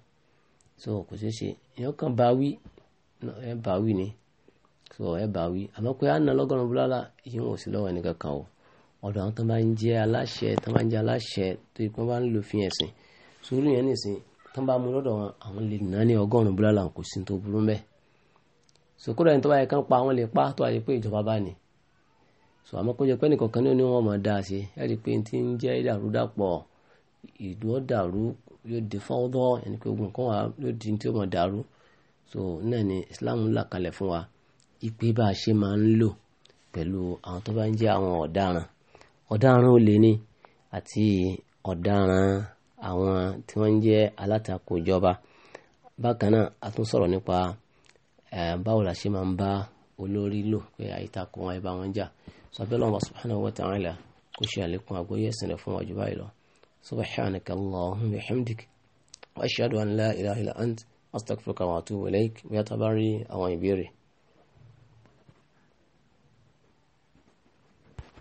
so kò ṣeé ṣe èèyàn kan bá ẹ bá ni so ẹ bá wí àmọ́ pé àna lọ́gọ́rùn-ún búláàlà yìí wọ́n sí lọ́wọ́ ẹnì kankan o ọ̀dọ̀ àwọn tó máa ń jẹ́ aláṣẹ tó máa ń jẹ́ aláṣẹ tó yẹ kó bá ń lò fi ẹ̀sìn sùúrù yẹn nìsín tó bá mú lọ́dọ̀ wọn àwọn lè ná ní ọgọ́rùn-ún búláàlà kò sí tó burú mẹ́ so kódà ní tó bá yẹ kán pa àwọn lè pa tó ayé pé ìjọba bá ní so àmọ́ kó jẹ pé nìkankan ní wọn máa dáa sí ẹ rí i pé ti ń jẹ́ ìdàrúdàpọ̀ ìdúró dàrú yóò di fọ́wọ́dọ́ ẹni pé ogun kan wà yóò di tí ó mọ̀ dàrú so náà ni islam là kalẹ̀ fún wa ipe bá a ṣe máa ń lò pẹ̀lú àwọn tó bá ń jẹ́ àwọn ọ̀daràn ọ̀daràn olè ni àti ọ̀daràn àwọn tí wọ́n ń jẹ́ alátakò ìjọba bákan náà a tún sọ̀rọ̀ nípa báwo la ṣe máa ń bá olórí lò pé àìtakò wọn ẹ bá wọn jà sọ abẹ́lẹ́ wọn subhanahu wa ta'ala kó ṣe àlékún àgbóyè ẹ̀sìn rẹ̀ fún wa báyìí lọ. سبحانك اللهم بحمدك وأشهد أن لا إله إلا أنت أستغفرك وأتوب إليك ويا تباري أو يبيري